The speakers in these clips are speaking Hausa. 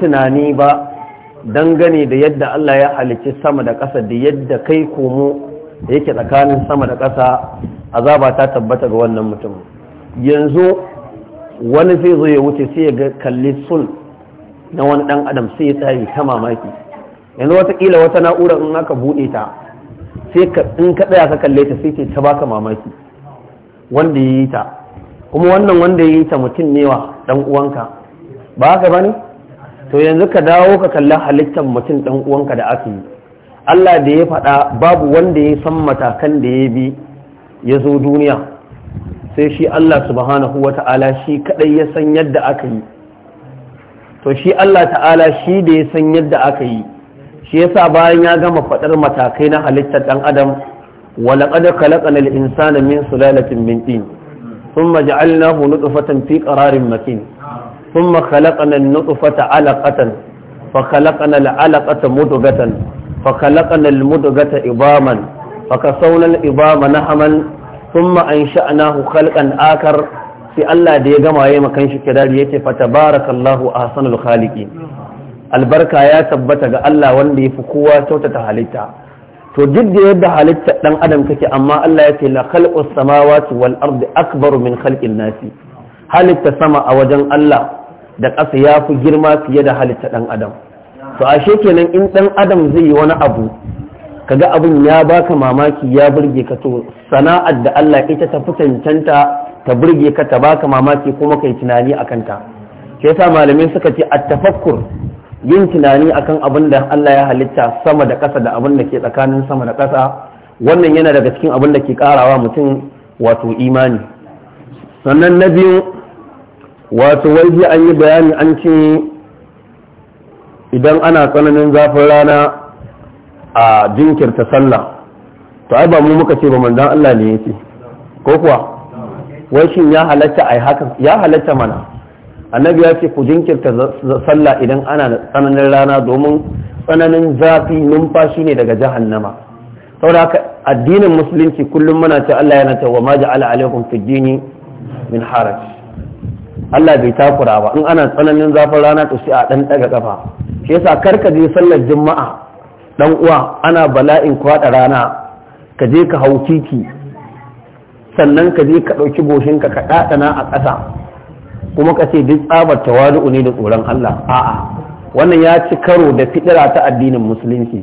tunani ba dangane da yadda Allah ya halicci sama da ƙasa da yadda kai komo yake tsakanin sama da ƙasa azaba ta tabbata ga wannan mutum yanzu wani zai zo ya wuce sai ya ga kalli sun na wani ɗan adam sai ya tsaye ta mamaki yanzu watakila wata na'ura in aka buɗe ta sai in ka tsaya ka kalle ta sai ta baka mamaki wanda ya yi ta kuma wannan wanda ya yi ta mutum ne wa ɗan uwanka ba haka ba to yanzu ka dawo ka kalli halittar mutum ɗan uwanka da aka yi Allah da ya faɗa babu wanda ya san matakan da ya bi ya zo duniya sai shi Allah subhanahu wa ta'ala shi kaɗai ya san yadda aka yi to shi Allah ta'ala shi da ya san yadda aka yi shi yasa bayan ya gama faɗar matakai na halittar ɗan adam walaƙad khalaqana al-insana min sulalatin min tin thumma ja'alnahu nutfatan fi qararin makin ثم خلقنا النطفة علقة فخلقنا العلقة مدغة فخلقنا المدغة عظاما فكسونا العظام نحما ثم أنشأناه خلقا آخر في الله دي جما يما كان شي كداري yace fatabaraka Allahu ahsanul khaliqin albarka ya tabbata ga Allah wanda yafi kowa kyautata halitta to duk da yadda halitta dan adam take amma Allah yace la khalqus samawati wal ardi akbaru min khalqin nasi halitta sama a wajen Allah da ƙasa ya fi girma fiye da halitta ɗan adam to ashe kenan in ɗan adam zai yi wani abu kaga abin ya baka mamaki ya burge ka to sana'ar da Allah ita ta fi cancanta ta burge ka ta baka mamaki kuma kai tunani a kanta. ke sa malamai suka ce a tafakkur yin tunani akan abin da Allah ya halitta sama da ƙasa da abin da ke tsakanin sama da ƙasa wannan yana daga cikin abin da ke karawa mutum wato imani sannan na biyu wato wai an yi bayani an ce idan ana tsananin zafin rana a jinkirta sallah to ai ba mu muka ce ba manzan Allah ne yake ko kuwa wai shin ya halatta ai ya halatta mana annabi ya ce ku jinkirta sallah idan ana tsananin rana domin tsananin zafi numfashi ne daga jahannama saboda haka addinin musulunci kullum muna ce Allah yana ta wa ma ja'ala alaikum fid dini min haraj Allah bai takura ba in ana tsananin zafin rana to sai a dan daga kafa shi yasa karka je sallar juma'a dan uwa ana bala'in kwada rana ka je ka hau kiki sannan ka je ka dauki goshin ka ka dadana a ƙasa kuma ka ce duk tsabar tawadu ne da tsoron Allah a'a wannan ya ci karo da fitira ta addinin musulunci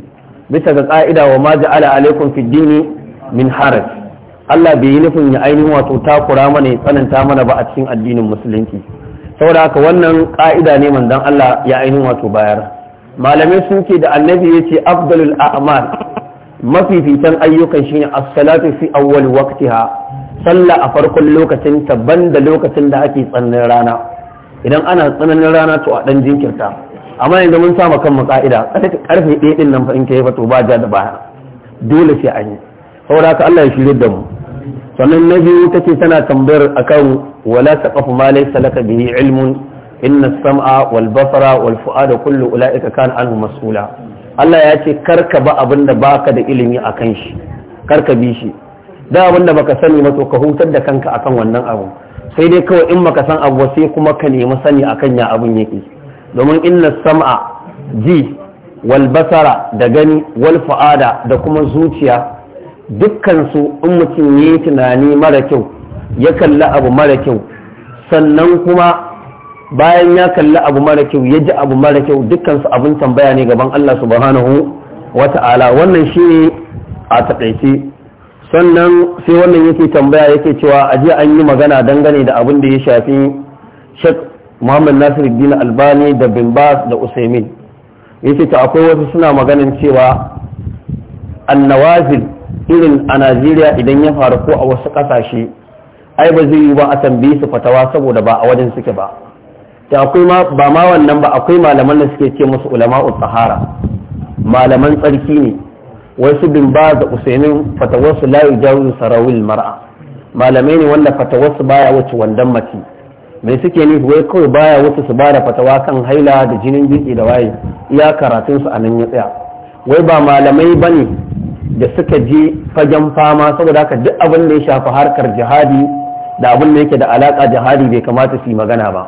bisa ga ka'ida wa ma ja'ala alaikum fid dini min haraj Allah bai yi nufin ya ainihin wato takura mana ya tsananta mana ba a cikin addinin musulunci saboda haka wannan ka'ida ne manzon Allah ya ainihin wato bayar malamai sun ce da annabi ya ce afdalul a'mal mafificin ayyukan shine as-salatu fi awwal waqtiha sallah a farkon lokacin ta banda lokacin da ake tsananin rana idan ana tsananin rana to a dan jinkirta amma yanzu mun sama kanmu ka'ida karfe 1 din nan fa in kai fa to ba ja da baya dole sai an yi saboda haka Allah ya shirye da mu sannan na biyu take tana tambayar akan wala taqafu ma laysa laka bihi ilmun inna sam'a wal basara wal fu'ada kullu ulaika kana anhu mas'ula Allah ya ce karka ba abinda baka da ilimi akan shi karka bi shi da abinda baka sani ba to ka hutar da kanka akan wannan abu sai dai kawai in baka san abu sai kuma ka nemi sani akan ya abun yake domin inna sam'a ji wal basara da gani wal fu'ada da kuma zuciya dukkansu in mutum ya yi tunani mara kyau ya kalli abu mara kyau sannan kuma bayan ya kalli abu mara kyau ya ji abu mara kyau dukkansu abin tambaya ne gaban Allah subhanahu wa ta'ala wannan shi ne a taƙaice sannan sai wannan yake tambaya yake cewa a jiya an yi magana dangane da abin da ya shafi shek muhammad nasiruddin albani da bin bas da usaimin yake ta akwai wasu suna maganin cewa annawazil irin a najeriya idan ya faru ko a wasu ƙasashe ai ba zai yi ba a tambayi su fatawa saboda ba a wajen suke ba da akwai ma ba ma wannan ba akwai malaman da suke ce musu ulama'u sahara. malaman tsarki ne wasu bin ba da usainin fatawarsu la yujawizu sarawil mar'a malamai ne wanda fatawarsu baya wuce wandan mace mai suke ne wai kawai baya wuce su bada fatawa kan haila da jinin jiki da waye iya karatun su a nan ya tsaya wai ba malamai bane da suka je fagen fama saboda haka duk abin da ya shafi harkar jihadi da abin da yake da alaka jihadi bai kamata su yi magana ba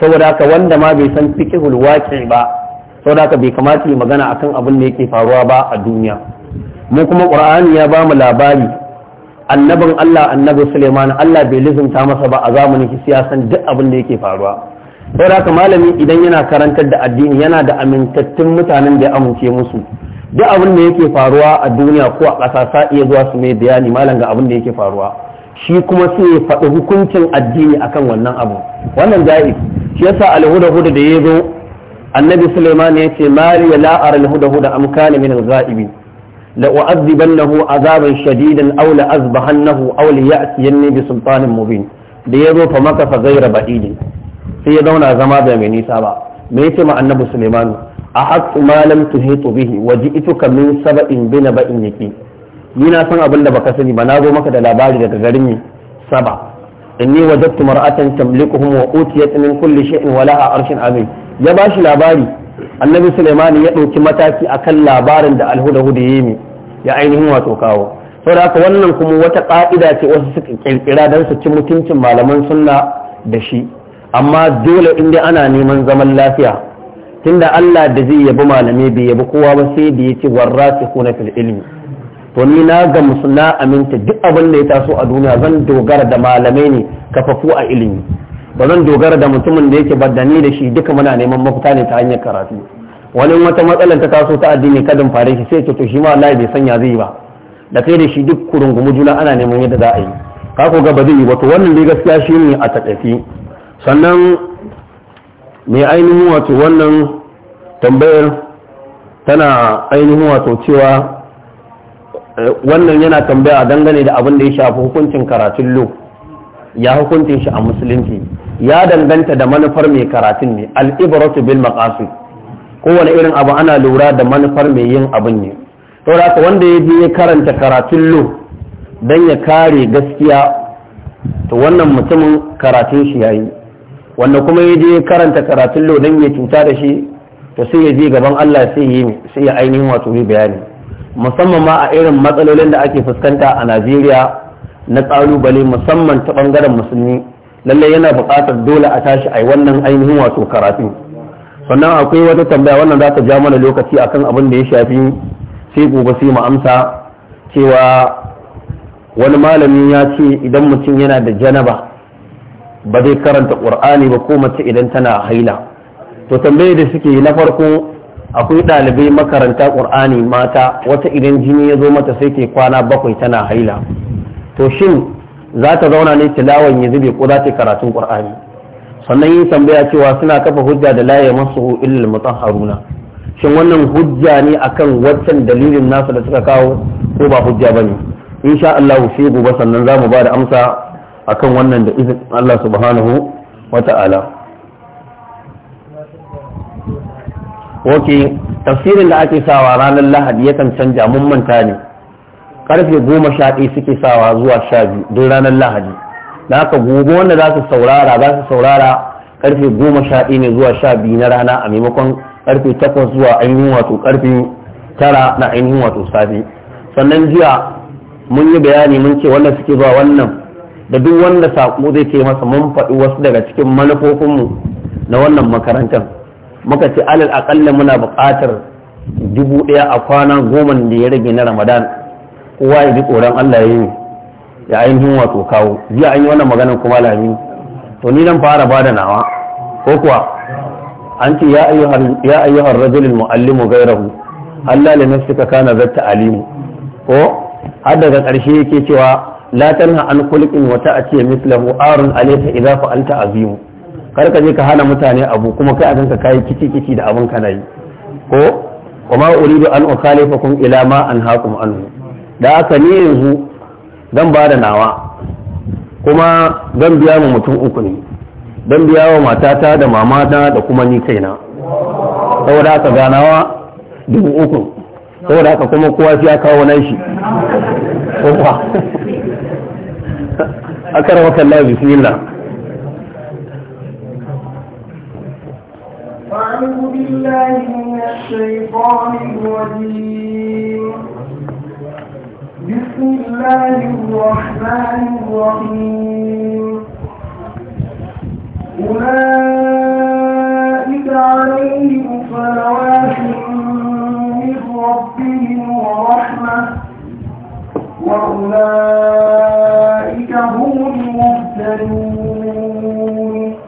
saboda haka wanda ma bai san fiqhul waqi ba saboda haka bai kamata yi magana akan abin da yake faruwa ba a duniya mu kuma qur'ani ya ba mu labari annabin Allah annabi Suleiman Allah bai lizinta masa ba a zamanin siyasan duk abin da yake faruwa saboda haka malami idan yana karantar da addini yana da amintattun mutanen da ya amince musu duk abin da yake faruwa a duniya ko a ƙasa sa iya zuwa su mai bayani malam ga abin da yake faruwa shi kuma sai ya faɗi hukuncin addini akan wannan abu wannan ja'i shi yasa alhuda huda da ya zo annabi suleiman ya ce mali ya la'ar alhuda huda am kana min al-ghaibi la u'adhibannahu azaban shadidan aw la azbahannahu aw la ya'tiyanni bi sultanin mubin da ya zo fa maka fa ghayra ba'idin sai ya zauna zama da mai nisa ba me yace ma annabi suleiman ahaqqu ma lam tuhitu bihi waji'tuka min sab'in bi naba'in yaqin ni na san abin da baka sani ba na zo maka da labari daga garin ne saba inni wajadtu mar'atan tamlikuhum wa utiyat min kulli shay'in wa laha arshin azim ya bashi labari annabi sulaimani ya dauki mataki akan labarin da alhudahuda yi ne ya ainihin wato kawo saboda haka wannan kuma wata ka'ida ce wasu suka kirkira dan su ci mutuncin malaman sunna da shi amma dole inda ana neman zaman lafiya tunda Allah da zai yabi malami bai yabi kowa ba sai da ko na fil ilmi to ni na ga na aminta duk abin da ya taso a duniya zan dogara da malamai ne kafafu a ilimi ba zan dogara da mutumin da yake baddani da shi duka muna neman mafita ne ta hanyar karatu wani wata matsalar ta taso ta addini kadin fare shi sai ce to shi ma Allah bai sanya zai ba da kai da shi duk kurungumu juna ana neman yadda za a yi ka ko ga ba zai yi ba to wannan dai gaskiya ne a takaici sannan mai ainihin wato wannan tambayar tana ainihin wato cewa eh, wannan yana tambaya a dangane da abin da ya shafi hukuncin karatun lo ya hukuncin shi a musulunci ya danganta da manufar mai karatun ne al'ibaratu bil maqasid kowane irin abu ana lura da manufar mai yin abin ne to da wanda ya je karanta karatun lo dan ya kare gaskiya to wannan mutumin karatun shi yayi wanda kuma ya je karanta karatun lodon ya cuta da shi to sai ya je gaban Allah sai yi sai ya ainihin wato yi bayani musamman ma a irin matsalolin da ake fuskanta a Najeriya na kalubale musamman ta bangaren musulmi lallai yana buƙatar dole a tashi ai wannan ainihin wato karatu sannan akwai wata tambaya wannan za ta ja mana lokaci akan abin da ya shafi sai gobe sai mu amsa cewa wani malami ya ce idan mutum yana da janaba ba zai karanta ƙur'ani ba ko mace idan tana haila to tambaye da suke na farko akwai ɗalibai makaranta ƙur'ani mata wata idan jini ya zo mata sai ke kwana bakwai tana haila to shin za ta zauna ne tilawan ya zube ko za ta karatun ƙur'ani sannan yin tambaya cewa suna kafa hujja da laye masu illal mutahharuna shin wannan hujja ne akan waccan dalilin nasu da suka kawo ko ba hujja bane insha Allah sai gobe sannan za mu ba da amsa akan wannan da izin Allah subhanahu wa ta'ala ok tafsirin da ake sawa ranar lahadi yakan canja mun manta ne karfe goma sha ɗaya suke sawa zuwa sha biyu don ranar lahadi da haka gobe wanda za su saurara za su saurara karfe goma sha ɗaya ne zuwa sha biyu na rana a maimakon karfe takwas zuwa ainihin wato ƙarfe tara na ainihin wato safe sannan jiya mun yi bayani mun ce wannan suke zuwa wannan da duk wanda saƙo zai ce masa mun faɗi wasu daga cikin manufofinmu na wannan makarantar muka ce alal aƙalla muna buƙatar dubu ɗaya a kwana goma da ya rage na ramadan kowa ya ji tsoron allah ya yi ya ainihin wato kawo jiya an yi wannan maganar kuma lami to ni nan fara bada nawa ko kuwa an ce ya ayyuhar rajulil mu'allimu gairahu allah na suka kana zatta alimu ko har daga ƙarshe yake cewa لا تنهى عن خلق wa مثله mithlahu عليك alayka فعلت عظيم azim kar ka je ka hana mutane abu kuma kai a kayi kai kici kici da abin kana yi ko kuma uridu an ukhalifakum ila ma an anhaakum an da haka ni yanzu zan ba da nawa kuma zan biya mu mutum uku ne zan biya wa matata da mamata da kuma ni kaina saboda haka nawa dubu uku saboda haka kuma kowa ya kawo nan shi أكرمك الله بسم الله أعوذ بالله من الشيطان الرجيم بسم الله الرحمن الرحيم أولئك عليهم صلوات من ربهم ورحمة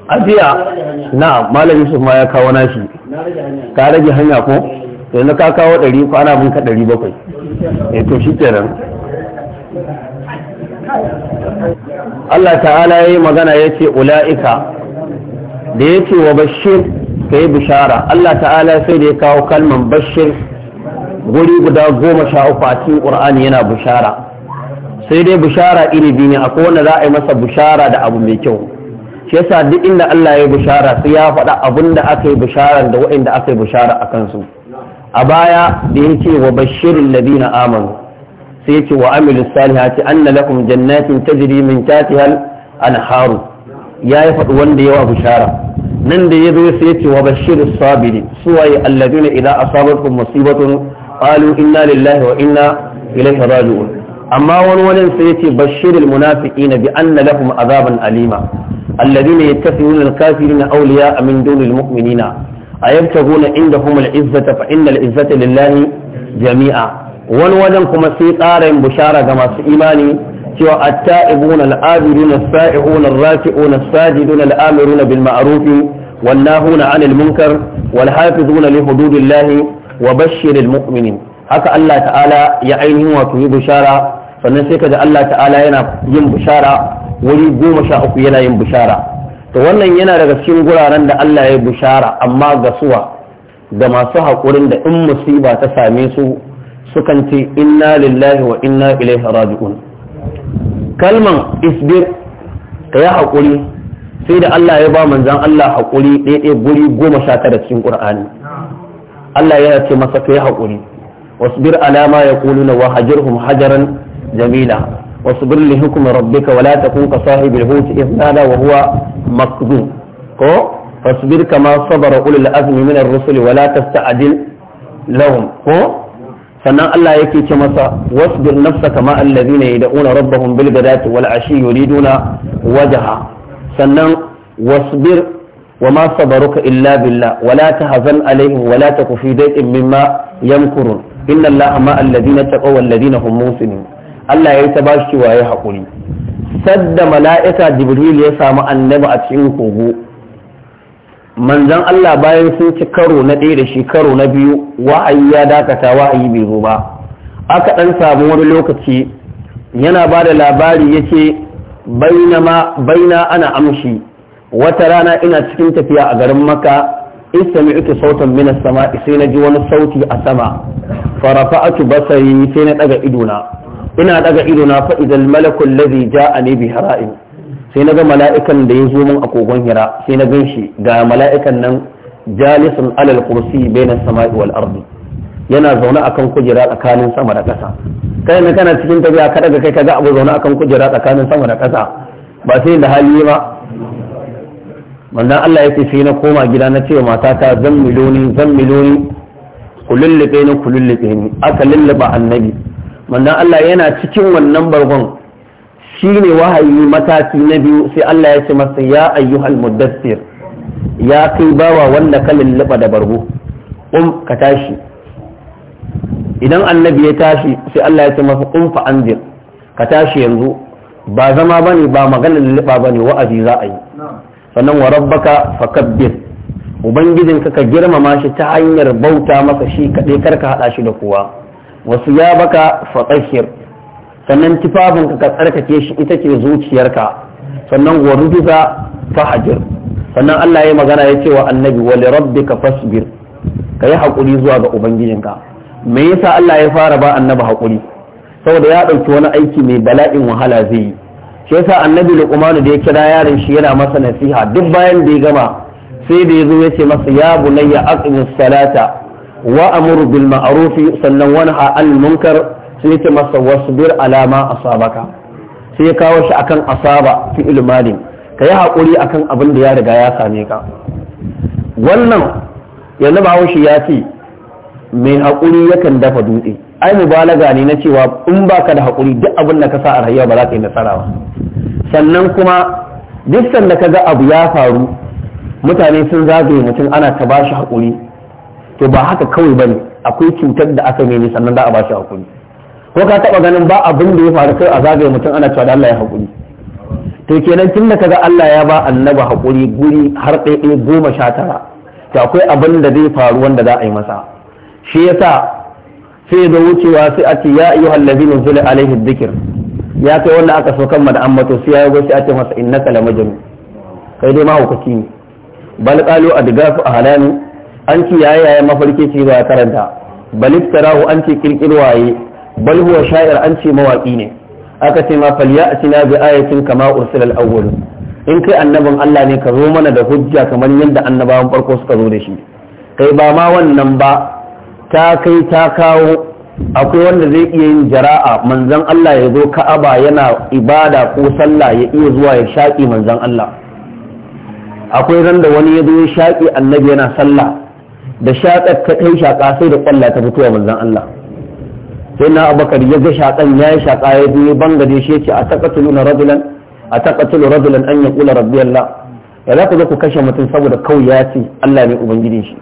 ajiya na malam Yusuf ma ya kawo nashi, ka rage hanya ko yanzu ka kawo ɗari ko ana bin ka ɗari bakwai e to shi kenan Allah ta'ala ya yi magana ya ce ula'ika da ya ce wa bashir ka yi bishara Allah ta'ala sai da ya kawo kalman bashir guri guda goma sha uku a cikin ƙur'ani yana bishara sai dai bushara iri biyu ne akwai wanda za a yi masa bushara da abu mai kyau shi yasa duk inda Allah ya bushara sai ya faɗa abin da aka yi bushara da waɗanda aka yi bushara a kansu a baya da yake wa bashirin ladina amanu sai yake wa amilu salihati anna lakum jannatin tajri min tahtiha al-anharu ya yi faɗi wanda yawa bushara nan da ya zo sai yace wa bashirin sabiri waye alladina idza asabatkum musibatun qalu inna lillahi wa inna ilaihi raji'un amma wani wani sai yace bashirul munafiqina bi anna lahum azaban alima alladhina yattakhidhuna al-kafirina awliya'a min dunil mu'minina ayabtaghuna inda al-izzata fa innal izzata lillahi jami'a wani wajen kuma sai tsara yin bushara ga masu imani cewa at-ta'ibun al-abidun as-sa'ihun ar-raki'un as-sajidun al-amirun bil ma'ruf wan nahuna 'anil munkar wal na li hududillahi wa bashshiril mu'minin haka Allah ta'ala ya ainihin wato yi bushara sannan sai kaji Allah ta'ala yana yin bishara wuri goma sha uku yana yin bishara to wannan yana daga cikin guraren da Allah ya bishara amma ga suwa ga masu haƙurin da in musiba ta same su sukan ce inna lillahi wa inna ilaihi raji'un kalman isbir ka yi haƙuri sai da Allah ya ba manzan Allah haƙuri ɗaiɗai guri goma sha tara cikin ƙur'ani Allah ya ce masa ka yi haƙuri wasbir alama ya kuluna wa hajarhum hajaran جميلا واصبر لحكم ربك ولا تكون كصاحب الحوت إذ نادى وهو مكذوب كو فاصبر كما صبر أولي الأزم من الرسل ولا تستعجل لهم sannan Allah yake ce masa wasbir nafsa kama allazina yad'una rabbahum bil ghadati wal ashi yuriduna wajha sannan wasbir wama sabaruka illa billah wala tahzan alaihim wala taku fi dayqin mimma yamkurun inna allaha ma allazina taqaw wal ladina hum muhsinun Allah ya yi ta ba shi cewa ya haƙuri sadda mala'ika jibril ya samu annabi a cikin kogo manzon Allah bayan sun ci karo na ɗaya da shi karo na biyu wa'ayi ya dakata wa'ayi bai zo ba aka ɗan samu wani lokaci yana ba da labari ya ce baina ana amshi wata rana ina cikin tafiya a garin maka istami'tu sautan min sama sai na ji wani sauti a sama farafa'atu basari sai na ɗaga idona ina daga ido na fa idal malakul ladhi ja'ani bi hira'in sai naga mala'ikan da ya zo min a kogon hira sai na ganshi ga mala'ikan nan jalisun alal kursi bainas sama'i wal ardi yana zaune akan kujera tsakanin sama da ƙasa kai ne kana cikin tafiya ka daga kai kaga abu zaune akan kujera tsakanin sama da ƙasa ba sai da hali ba wannan Allah ya ce sai na koma gida na ce matata zan miloni zan miloni ku ni ku ni aka lulluɓa annabi wannan Allah yana cikin wannan bargon shine wahayi mataki na biyu sai Allah ya ce masa ya ayyuhal muddassir ya kai bawa wanda ka lulluba da bargo um ka tashi idan annabi ya tashi sai Allah ya ce masa um fa anzir ka tashi yanzu ba zama bane ba magana lulluba bane wa'azi za a yi sannan wa rabbaka fakabbir ubangijinka ka girmama shi ta hanyar bauta masa shi kaɗai karka haɗa shi da kowa wasu ya baka fatahir sannan tufafinka ka tsarkake shi ita ce zuciyarka sannan wa rubiza fahajir sannan Allah ya magana ya ce wa annabi wa li ka fasbir ka yi haƙuri zuwa ga ubangijinka me yasa Allah ya fara ba annabi haƙuri saboda ya ɗauki wani aiki mai bala'in wahala zai yi shi yasa annabi luqmanu da ya kira yaron shi yana masa nasiha duk bayan da ya gama sai da ya zo ya ce masa ya bunayya aqimis salata wa amur bil sannan wani a al munkar sai ce masa wasbir alama sabaka sai ya kawo shi akan asaba fi ilmalin ka yi haƙuri akan abin da ya riga ya same ka wannan yanzu ba shi ya ce mai haƙuri yakan dafa dutse ai mubalaga ne na cewa in baka da haƙuri duk abin da ka sa a rayuwa ba za ka yi nasara ba sannan kuma duk sanda ka ga abu ya faru mutane sun zagaye mutum ana ta ba shi haƙuri to ba haka kawai ba ne. akwai cutar da aka nemi sannan za a ba hakuri ko ka taba ganin ba abin da ya faru kai a zagaye mutum ana cewa da Allah ya hakuri to kenan tun da kaga Allah ya ba annabi hakuri guri har ɗaya goma sha tara to akwai abin da zai faru wanda za a yi masa shi yasa sai da wucewa sai a ce ya ayyuhal ladina zula alaihi dhikr ya kai wanda aka so kan da ambato sai ya go sai a ce masa innaka lamajnun kai dai mahaukaci ne bal qalu adgafu ahlanu an ce yaye yaye mafarki ce ba karanta baliftarahu an ce kirkirwaye bal huwa sha'ir an ce mawaki ne aka ce ma falya'tina bi ayatin kama ursilal awwal in kai annabin Allah ne ka zo mana da hujja kamar yadda annabawan farko suka zo da shi kai ba ma wannan ba ta kai ta kawo akwai wanda zai iya yin jara'a manzon Allah ya zo ka'aba yana ibada ko sallah ya iya zuwa ya shaƙi manzon Allah akwai ran da wani ya zo ya shaƙi annabi yana sallah da shaƙar ta kai shaƙa sai da ƙwalla ta wa manzon Allah sai na abakar ya ga shaƙan ya yi shaƙa ya biyo bangare shi yace a na rajulan a taqatulu rajulan an yaqula rabbi Allah ya za ku zo ku kashe mutum saboda kawai ya ce Allah ne ubangijin shi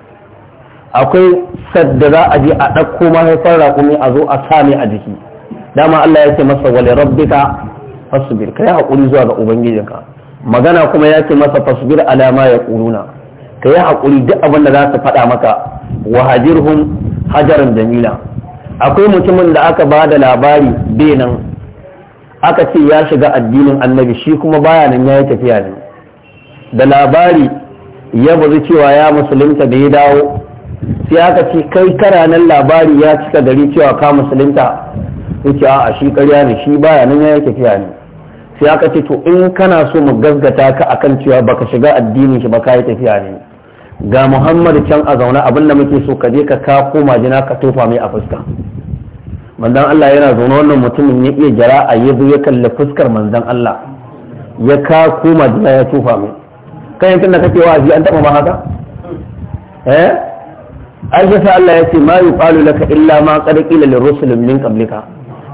akwai sadda za a je a ɗauko mahaifar raƙumi a zo a sami a jiki dama Allah ya ce masa wale rabbika fasbir kai haƙuri zuwa ga ubangijinka magana kuma ya ce masa fasubir alama ya ƙuruna ka yi haƙuri duk abin da za su faɗa maka wa hajirhum hajaran jamila akwai mutumin da aka ba da labari benin aka ce ya shiga addinin annabi shi kuma baya nan ya yi tafiya ne da labari ya bazu cewa ya musulunta da ya dawo sai aka ce kai karanan labari ya cika gari cewa ka musulunta ce a shi karya ne shi baya nan ya yi tafiya ne sai aka ce to in kana so mu gaggata ka akan cewa baka shiga addinin shi ba ka yi tafiya ne ga muhammadu can a zaune abin da muke so ka je ka kako majina ka tofa mai a fuska manzon Allah yana zaune wannan mutumin ya iya jira a zo ya kalli fuskar manzon Allah ya kako majina ya tofa mai kan yankin da kake wa'azi an taba ma haka eh ai Allah ya ce ma yi yuqalu laka illa ma qad qila lirrusul min qablika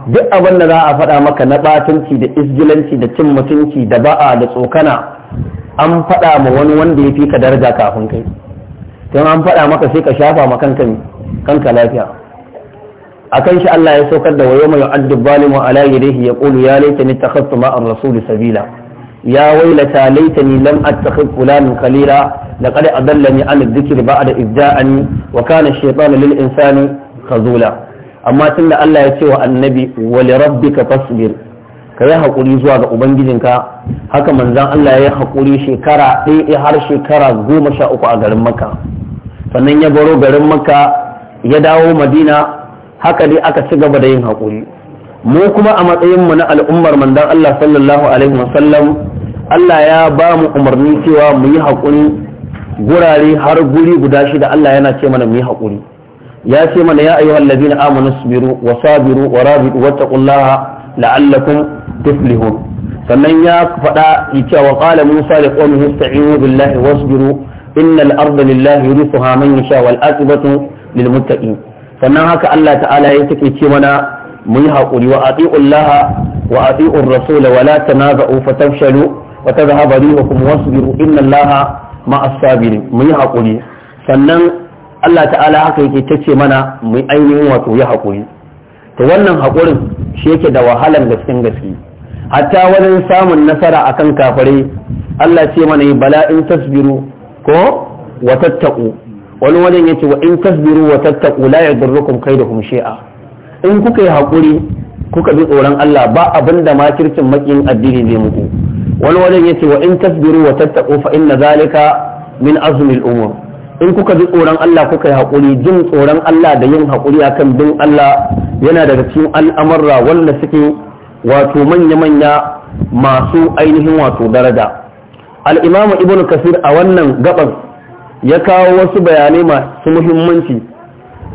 duk abin da za a faɗa maka na batunci da isgilanci da cin mutunci da ba'a da tsokana an faɗa ma wani wanda ya fi ka daraja kafin kai don an faɗa maka sai ka shafa ma kanka kanka lafiya akan shi Allah ya saukar da wayo mai yu'addu zalimu ala yadihi yaqulu ya laitani takhassu ma'ar rasul sabila ya wailata laitani lam attakhid fulanan khalila laqad adallani an adh-dhikri ba'da idza'ani wa kana ash-shaytanu lil insani khazula amma tunda Allah ya ce wa annabi wa li rabbika fasbir ka yi haƙuri zuwa ga ubangijinka haka manzan Allah ya yi haƙuri shekara ɗaya har shekara goma sha uku a garin maka sannan ya baro garin maka ya dawo madina haka dai aka ci gaba da yin haƙuri mu kuma a matsayinmu na al'ummar manzan Allah sallallahu alaihi wasallam Allah ya ba mu umarni cewa mu yi haƙuri gurare har guri guda shida Allah yana ce mana mu yi haƙuri ya ce mana ya ayyuhal ladina amanu sabiru wa sabiru wa rabitu wattaqullaha la'allakum tuflihun sannan ya faɗa cewa wa qala musa li qaumihi ista'inu billahi wasbiru innal arda lillahi yurithuha man yasha wal aqibatu lil muttaqin sannan haka Allah ta'ala ya take ce mana mu yi haƙuri wa ati'ullaha wa ati'ur rasul wa la tanaza'u fatafshalu wa tadhhabu rihukum wasbiru innallaha ma'as sabirin mu yi haƙuri sannan Allah ta'ala haka yake ce mana mu ainihin wato yi haƙuri to wannan haƙurin shi yake da wahalan gaskin gaske hatta wajen samun nasara akan kafare Allah ce mana yi bala in tasbiru ko wa tattaku wani wajen yace wa in tasbiru wa tattaku la yadurrukum kaiduhum shay'a in kuka yi haƙuri kuka bi tsoron Allah ba abin da makircin makin addini zai muku wani wajen yace wa in tasbiru wa tattaku fa inna zalika min azmi umur in kuka ji tsoron Allah kuka yi haƙuri jin tsoron Allah da yin haƙuri akan bin Allah yana daga cikin al'amarra wanda suke wato manya-manya masu ainihin wato daraja al'imamu ibn kasir a wannan gaban ya kawo wasu bayanai masu muhimmanci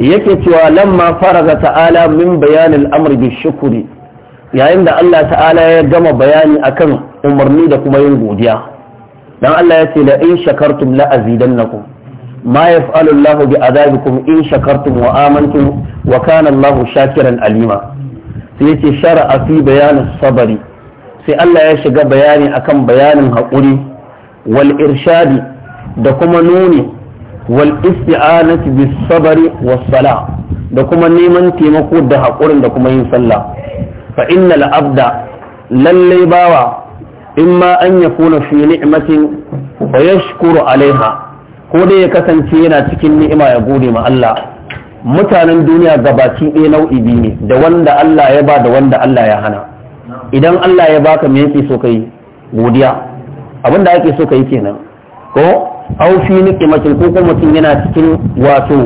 yake cewa lamma faraga ta'ala min bayanin al'amr bi shukuri yayin da Allah ta'ala ya gama bayani akan umarni da kuma yin godiya dan Allah ya ce la in shakartum la azidannakum ma yaf'alu Allah bi azabikum in shakartum wa amantum wa kana Allah shakiran alima sai yace shar'a fi bayanin sabari sai Allah ya shiga bayani akan bayanin haƙuri wal irshadi da kuma nuni wal isti'anati bis sabari was sala da kuma neman taimako da haƙurin da kuma yin sallah fa innal abda lallai bawa in ma an yakuna fi ni'matin wa yashkuru alaiha ko dai ya kasance yana cikin ni'ima ya gode ma Allah mutanen duniya gabaki ɗaya nau'i biyu ne da wanda Allah ya ba da wanda Allah ya hana idan Allah ya baka me yake so kai godiya abin da ake so kai kenan ko au fi ko kuma mutum yana cikin wato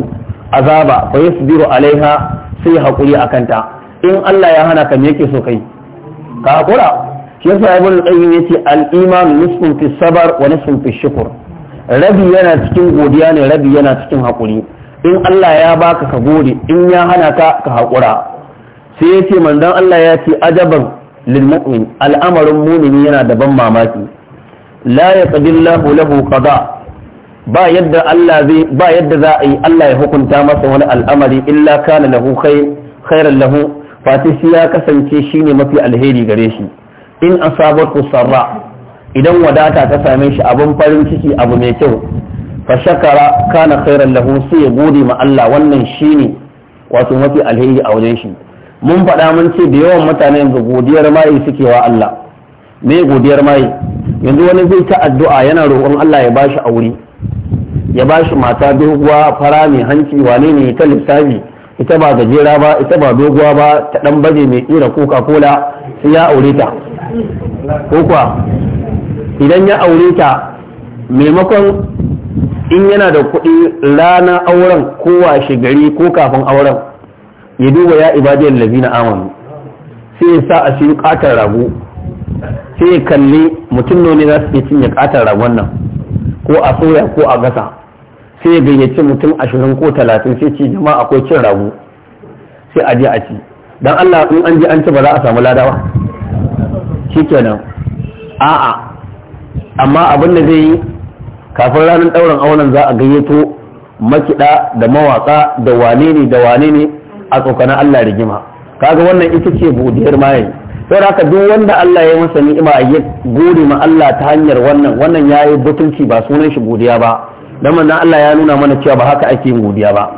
azaba fa yasbiru alaiha sai hakuri akan ta in Allah ya hana ka me yake so kai ka hakura shi yasa ibn al-qayyim yace al-iman nisfun fi sabr wa nisfun fi shukr rabi yana cikin godiya ne rabi yana cikin haƙuri in Allah ya baka ka gode in ya hana ka ka haƙura sai ya ce manzon Allah ya ce ajaban lil al'amarin mu'mini yana da ban mamaki la yaqdillahu lahu qada ba yadda Allah zai ba yadda za a yi Allah ya hukunta masa wani al'amari illa kana lahu khair khairan lahu fati shi ya kasance shine mafi alheri gare shi in asabar sarra idan wadata ta same shi abin farin ciki abu mai kyau fa shakara kana khairan lahu sai ya gode ma Allah wannan shine wato mafi alheri a wajen shi mun faɗa mun ce da yawan mutane yanzu godiyar mai suke wa Allah me godiyar mai yanzu wani zai ta addu'a yana roƙon Allah ya bashi aure ya bashi mata doguwa fara mai hanci wane ne ta lissafi ita ba gajera ba ita ba doguwa ba ta dan baje mai kira coca cola sai ya aure ta ko kuwa idan ya aure ta maimakon in yana da kuɗi rana auren ko washe gari ko kafin auren ya duba ya ibadiyar na amanu sai ya sa a shi katar rago sai ya kalli mutum ne za su iya cinye katar ragon nan ko a soya ko a gasa sai ya gayyaci mutum ashirin ko talatin sai ce jama'a akwai cin rago sai a je a ci don Allah in an je an ci ba za a samu ladawa kenan a'a amma abin da zai yi kafin ranar ɗaurin auren za a gayyato makiɗa da mawaƙa da wane ne da wane ne a tsokanin Allah rigima kaga wannan ita ce godiyar maye sai haka duk wanda Allah ya masa ni'ima yi gori ma Allah ta hanyar wannan wannan yi butunci ba sunan shi godiya ba dan manna Allah ya nuna mana cewa ba haka ake yin godiya ba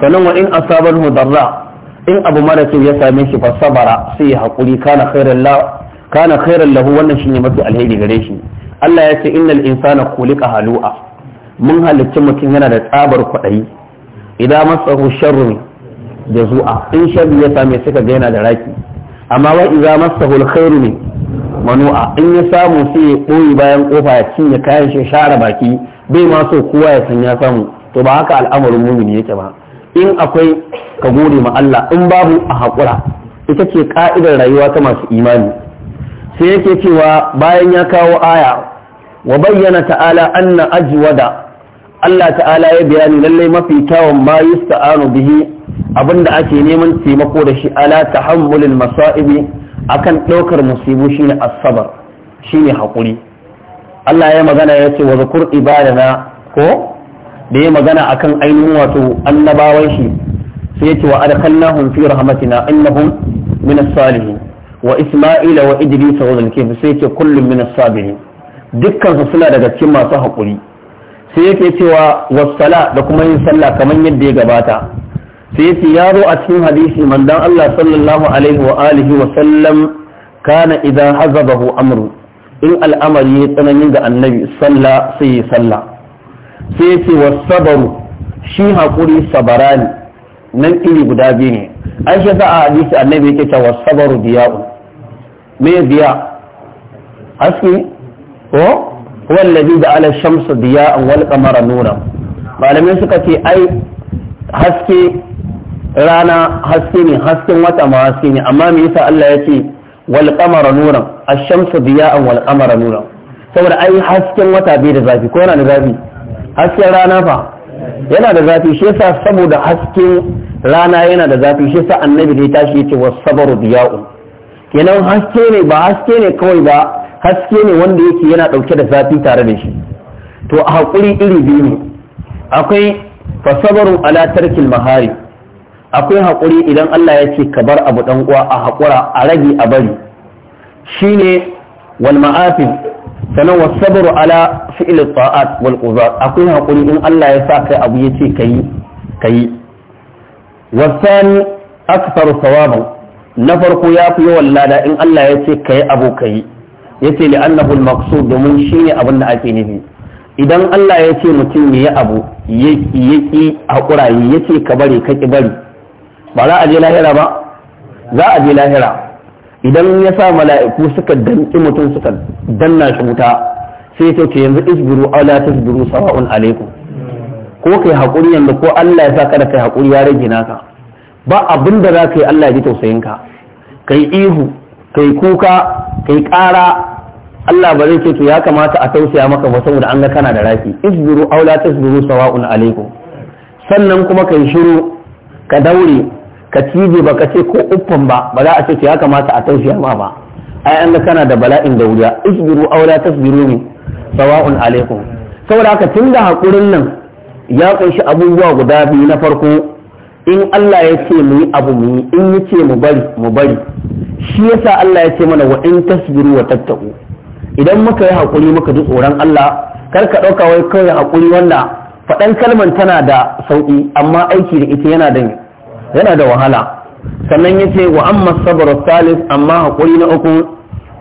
sannan wa in asabahu darra in abu mara kyau ya same shi fa sabara sai ya hakuri kana khairan la kana khairan lahu wannan shine mafi alheri gare shi Allah ya ce innal insana kulika halu'a mun halicci mutum yana da tsabar kwaɗayi idan masahu da zu'a in sharri ya same suka ga yana da raki amma wa idan masahu alkhairu ne manu'a in ya samu sai ya koyi bayan kofa ya cinye kayan shi share baki bai ma so kowa ya san ya samu to ba haka al'amarin mumini yake ba in akwai ka gode ma Allah in babu a haƙura ita ce ka'idar rayuwa ta masu imani sai yake cewa bayan ya kawo aya wa bayyana ta'ala anna ajwada Allah ta'ala ya bayani lalle mafi kyawun ma yusta'anu bihi abinda ake neman taimako da shi ala tahammulil masa'ibi akan daukar musibu shine asabar shine hakuri Allah ya magana ya ce wa zakur ibadana ko da ya magana akan ainihin wato annabawan shi sai ya ce wa adkhalnahum fi rahmatina innahum min as-salihin wa isma'ila wa Idris wa zalkifl sai yake kullum min as-sabirin dukkan su suna daga cikin masu haƙuri sai yake cewa wassala da kuma yin sallah kamar yadda ya gabata sai yake ya zo a cikin hadisi mandan Allah sallallahu alaihi wa alihi wa sallam kana idza hazabahu amru in al'amari ya tsanani ga annabi sallah sai ya sallah sai yake wasabaru shi hakuri sabarani nan iri guda biyu ne an shi a hadisi annabi yake cewa sabaru biya'un me biya haske ko wallazi da ala shamsu biya an wal kamara nura malamai suka ce ai haske rana haske ne hasken wata ma haske ne amma me yasa Allah ya ce wal qamara nuran ash-shamsu an wal kamara nuran saboda ai hasken wata bai da zafi ko yana da zafi hasken rana fa yana da zafi shi yasa saboda hasken rana yana da zafi shi yasa annabi da ya tashi yace was sabru diya'un kenan haske ne ba haske ne kawai ba haske ne wanda yake yana ɗauke da zafi tare da shi to a haƙuri iri biyu ne akwai fasabarun ala tarkil mahari akwai haƙuri idan Allah ya ce ka bar abu ɗan uwa a haƙura a rage a bari shine wal ma'afin sannan wasabaru ala fi'il ta'at wal qudrat akwai haƙuri in Allah ya sa kai abu yace kayi kayi wasani akthar thawaban na farko ya fi yawan lada in Allah ya ce ka yi abu ka yi ya ce li'annahu al domin shine abin da ake nufi idan Allah ya ce mutum ya yi abu ya ki haƙura ya ce ka bari ka ki bari ba za a je lahira ba za a je lahira idan ya sa mala'iku suka danki mutum suka danna shi wuta sai ta ce yanzu isbiru ala tasbiru sawa'un alaikum ko kai haƙuri yanzu ko Allah ya sa da kai haƙuri ya rage naka ba abin da za ka yi Allah ya ji tausayinka ka yi ihu ka yi kuka ka yi ƙara Allah ba zai ce to ya kamata a tausaya maka ba saboda an ga kana da rafi isbiru aw la sawa'un alaikum sannan kuma ka yi shiru ka daure ka cije ba ka ce ko uffan ba ba za a ce to ya kamata a tausaya ma ba ai an ga kana da bala'in da wuriya isbiru aw la tasbiru ne sawa'un alaikum saboda haka tunda hakurin nan ya ƙunshi abubuwa guda biyu na farko in Allah ya ce mu yi abu mu yi in ya ce mu bari mu bari shi yasa Allah ya ce mana wa in tasbiru wa tattaku idan muka yi hakuri muka ji tsoron Allah kar ka ɗauka wai kawai hakuri wanda. faɗan kalman tana da sauki amma aiki da ita yana da yana da wahala sannan ya ce wa amma sabr salis amma hakuri na uku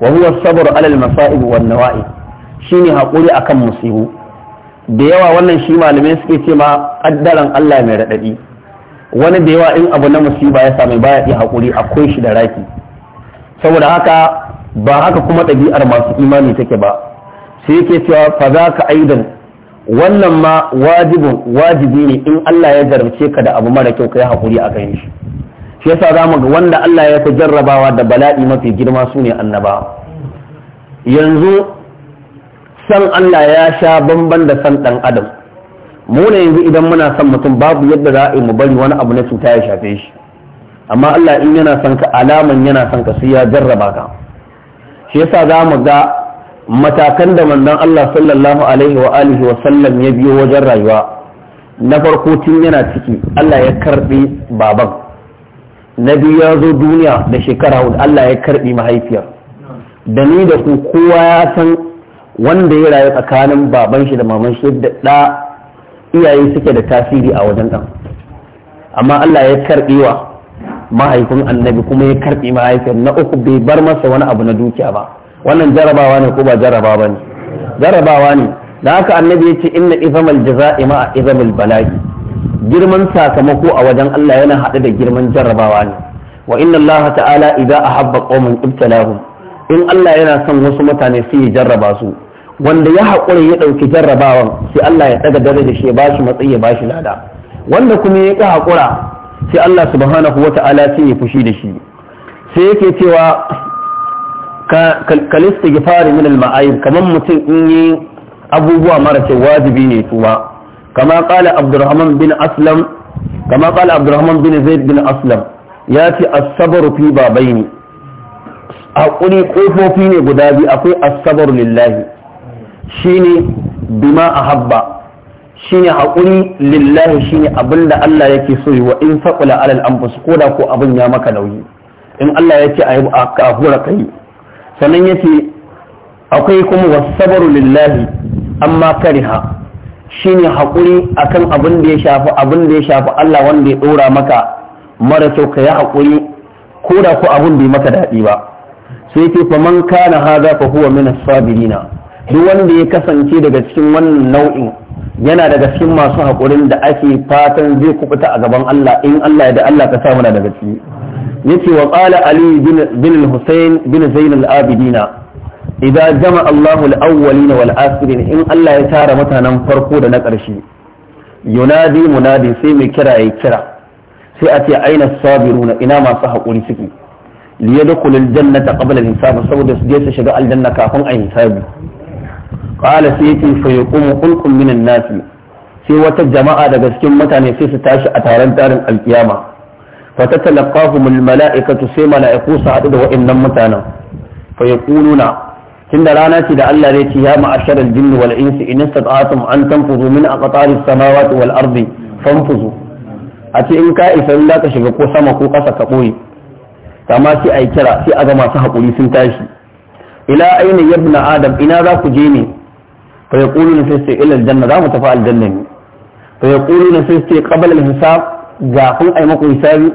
wa huwa sabr alal masa'ib wan nawa'i shine hakuri akan musibu da yawa wannan shi malamai suke ce ma kaddaran Allah mai radadi wani da yawa in abu na musiba ya same baya iya haƙuri akwai shi da raki saboda haka ba haka kuma ɗabi'ar masu imani take ba sai yake cewa fa za ka aidan wannan ma wajibin wajibi ne in Allah ya jarabce ka da abu mara kyau ka yi haƙuri a kan shi shi yasa za mu ga wanda Allah ya fi jarrabawa da bala'i mafi girma su ne annabawa yanzu san Allah ya sha bamban da san ɗan adam mu ne yanzu idan muna son mutum babu yadda za a yi mu bari wani abu na cuta ya shafe shi amma Allah in yana son ka alaman yana son ka sai ya jarraba ka shi yasa za mu ga matakan da manzon Allah sallallahu alaihi wa alihi wa sallam ya biyo wajen rayuwa na farko tun yana ciki Allah ya karbe baban na biyu ya zo duniya da shekara hudu Allah ya karbe mahaifiyar da ni da ku kowa ya san wanda ya rayu tsakanin baban shi da maman shi da da iyaye suke da tasiri a wajen ɗan amma Allah ya karɓewa mahaifin annabi kuma ya karɓi mahaifiyar na uku bai bar masa wani abu na dukiya ba wannan jarabawa ne ko ba jaraba ba ne jarabawa ne da haka annabi ya ce inna izamal jaza'i ma'a izamil bala'i girman sakamako a wajen Allah yana haɗe da girman jarabawa ne wa inna Allah ta'ala idza ahabba qauman ibtalahum in Allah yana son wasu mutane su jarraba su wanda ya haƙura ya ɗauki jarrabawan sai Allah ya ɗaga dare da shi ya bashi matsayi ya bashi lada wanda kuma ya ƙi haƙura sai Allah subhanahu wa ta'ala sai ya fushi da shi sai yake cewa kalisti gifari min al-ma'ayib kamar mutum in yi abubuwa mara ce wajibi ne tuba kama qala abdurrahman bin aslam kama qala abdurrahman bin zaid bin aslam ya ce as-sabru fi babaini haƙuri ƙofofi ne guda biyu akwai as-sabru lillahi shine bima habba shine haƙuri lillahi shine abin da Allah yake so yi wa in saƙula alal anfus ko da ko abin ya maka nauyi in Allah yake a ka hura kai sannan yake akwai kuma wasabaru lillahi amma kariha shine haƙuri akan abin da ya shafi abin da ya shafi Allah wanda ya ɗora maka mara kyau ka yi haƙuri ko da ko abin bai maka daɗi ba sai ce fa man kana haza fa huwa min as-sabirina duk wanda ya kasance daga cikin wannan nau'in yana daga cikin masu haƙurin da ake fatan zai kubuta a gaban Allah in Allah ya da Allah ka samu daga ciki yace wa qala ali bin husayn bin zain al-abidina idan jama Allahu al-awwalin wal akhirin in Allah ya tara mutanen farko da na ƙarshe yunadi munadi sai mai kira yayi kira sai a ce aina sabiruna ina masu haƙuri suke liyadkhulul jannata qabla al-hisab saboda su je su shiga aljanna kafin a hisabi qala sai yace fa yaqumu qulqum minan nasi sai wata jama'a daga cikin mutane sai su tashi a taron tarin alkiyama fa tatalaqahum al mala'ikatu sai mala'iku su hadu da wa'annan mutanen fa yaquluna tunda rana ce da Allah zai ce ya ma'ashar al-jinn wal insi in istata'tum an tanfuzu min aqtari as-samawati wal ardi fanfuzu a ce in ka isa in ka shiga ko sama ko ƙasa ka boye kama sai yi kira sai a ga masu hakuri sun tashi ila aina yabna adam ina za ku je ne fa yaquluna sai ce ila aljanna za mu tafi aljanna ne fa yaquluna sai ce qabla alhisab ga kun ai maku hisabi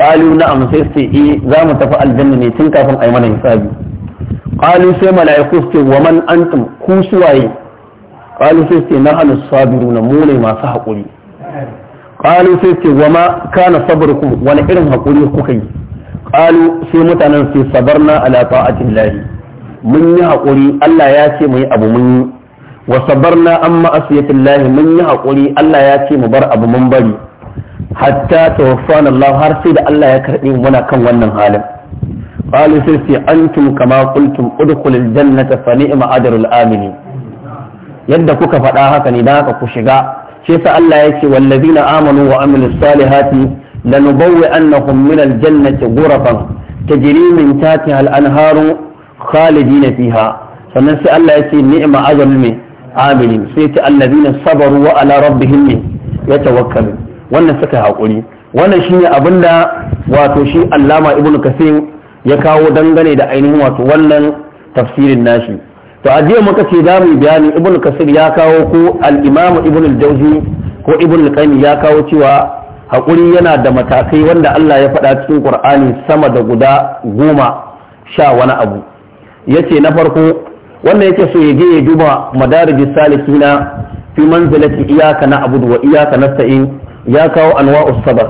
qalu na'am sai sai eh za mu tafi aljanna ne tun kafin ai mana hisabi qalu sai mala'iku ce wa man antum ku suwaye qalu sai ce nahnu sabiruna mu ne masu hakuri qalu sai sai wa ma kana sabrukum wani irin hakuri kuka yi qalu sai mutanen sai sabarna ala ta'atillahi mun yi hakuri Allah ya ce mu yi abu mun yi wa sabarna an ma'asiyatillahi mun yi haƙuri Allah ya ce mu bar abu mun bari hatta tawaffana Allah har sai da Allah ya karɓi muna kan wannan halin qalu sai sai antum kama qultum udkhulul jannata fa ni'ma ajrul amini yadda kuka faɗa haka ne dan haka ku shiga shi yasa Allah yake wallazina amanu wa amilus salihati lanubawwi'annahum min aljannati ghurafan tajri min tahtiha al-anharu khalidina fiha sannan sai Allah yake ni'ma ajrul min amini sai ta allazina sabaru wa ala rabbihim himmi ya tawakkalu wannan suka haƙuri wannan shine abin da wato shi allama ibn kasir ya kawo dangane da ainihin wato wannan tafsirin nashi to a jiya muka ce zamu bayani ibn kasir ya kawo ko al-imam ibn al-jawzi ko ibn al-qayyim ya kawo cewa haƙuri yana da matakai wanda Allah ya faɗa cikin Qur'ani sama da guda goma sha wani abu yace na farko wanda yake so ya je ya duba madaraji salikina fi manzilati iyaka na abudu wa iyaka nasta'in ya kawo anwa'us sabar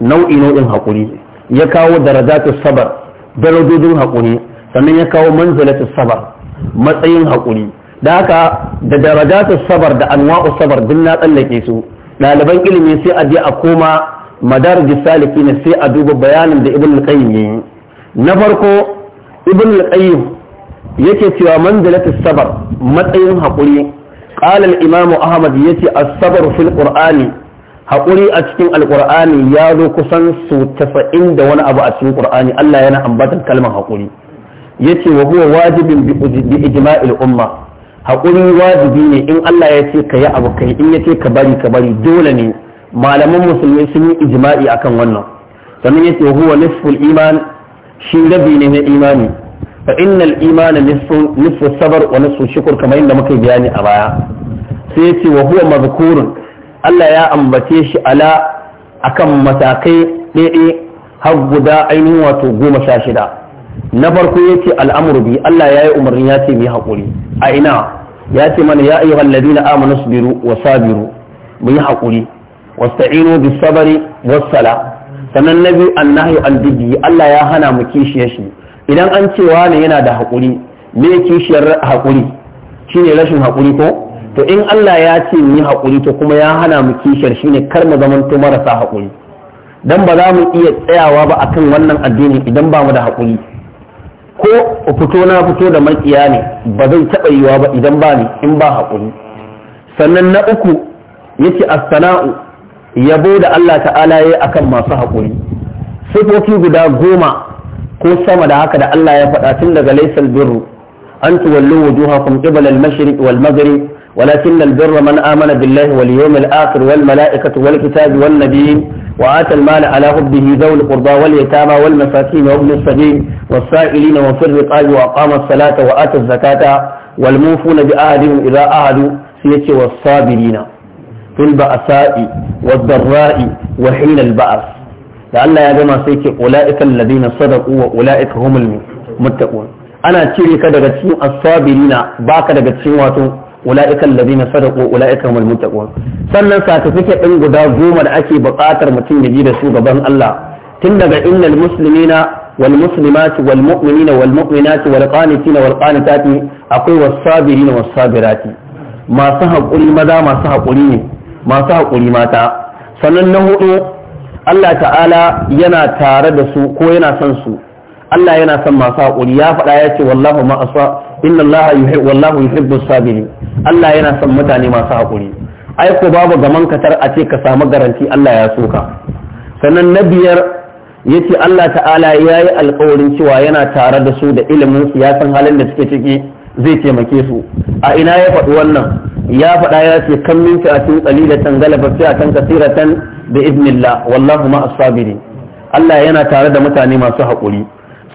nau'i nau'in hakuri ya kawo darajatus sabar darajojin hakuri sannan ya kawo manzilatus sabar matsayin hakuri da haka da darajatus sabar da anwa'usabar sabar din na tsallake su ɗaliban ilimi sai a je a koma madarij salikina sai a duba bayanin da ibn al-qayyim na farko ibn al-qayyim yake cewa manzilatu sabar matsayin haƙuri qala al-imamu ahmad yace asabar sabr fil ƙur'ani haƙuri a cikin alƙur'ani ya zo kusan su 90 da wani abu a cikin ƙur'ani Allah yana ambatan kalmar haƙuri yace wa huwa wajibin bi ijma'il umma haƙuri wajibi ne in Allah ya ce ka yi abu kai in ya ce ka bari ka bari dole ne malaman musulmi sun yi ijma'i akan wannan sannan yace huwa nisful iman shi rabi ne na imani fa innal imana nisfu nisfu sabr wa nisfu shukr kamar inda muka bayani a baya sai yace wa huwa mazkurun Allah ya ambace shi ala akan matakai ɗaiɗe har guda ainihin wato goma sha shida na farko ya ce al'amuru bi Allah ya yi umarni ya ce mai haƙuri a ina ya ce mana ya ayyuhal ladina amanu biru wa sabiru mu yi haƙuri wasta'inu bis sabari was sala sannan nabi annahi an Allah ya hana mu kishiye shi idan an ce ne yana da haƙuri me kishiyar haƙuri shine rashin haƙuri ko to in Allah ya ce mu yi haƙuri to kuma ya hana mu kishiyar shine kar mu to marasa haƙuri dan ba za mu iya tsayawa ba akan wannan addini idan ba mu da haƙuri ko fito na fito da makiya ne ba zai taɓa yiwa ba idan ba ne in ba haƙuri sannan na uku yace as-sana'u yabo da Allah ta'ala yayi akan masu haƙuri sifofi guda goma ko sama da haka da Allah ya faɗa tun daga laisal birru an tuwallu wujuha kum qibal al mashriq wal maghrib walakin al birra amana billahi wal yawm al akhir wal malaikati wal kitabi wal nabiyyin wa ata al mal ala hubbihi dhaw al qurba wal yatama wal masakin wa ibn sabil was sa'ilin wa fir riqab wa aqama salata wa zakata wal mufuna bi ahadihim idha ahadu yace was sabirina fil ba'sa'i wad darra'i wa hina al ba'ath da Allah ya gama sai ke ula'ika alladhina sadaqu wa ula'ika humul muttaqun ana cire ka daga cikin as-sabirina baka daga cikin wato ula'ika alladhina sadaqu wa ula'ika humul muttaqun sannan certificate din guda goma da ake buƙatar mutum ya ji da su gaban Allah tun daga innal muslimina والمسلمات والمؤمنين والمؤمنات والقانتين والقانتات أقوى والصابرين والصابرات masu haƙuri maza masu haƙuri ne masu haƙuri mata sannan na سننه Allah ta'ala yana tare da su ko yana son su Allah yana son masu haƙuri ya faɗa ya ce wallahu ma'asa inna Allah wallahu yuhibbu sabirin Allah yana son mutane masu haƙuri ai ko babu gaman katar a ce ka samu garanti Allah ya soka sannan na biyar yace Allah ta'ala ya yi alƙawarin cewa yana tare da su da ilimin su ya san halin da suke ciki zai taimake su a ina ya faɗi wannan ya faɗa ya ce kan min fi'atin qalilatan a kan kasiratan da idnillah wallahu ma as Allah yana tare da mutane masu haƙuri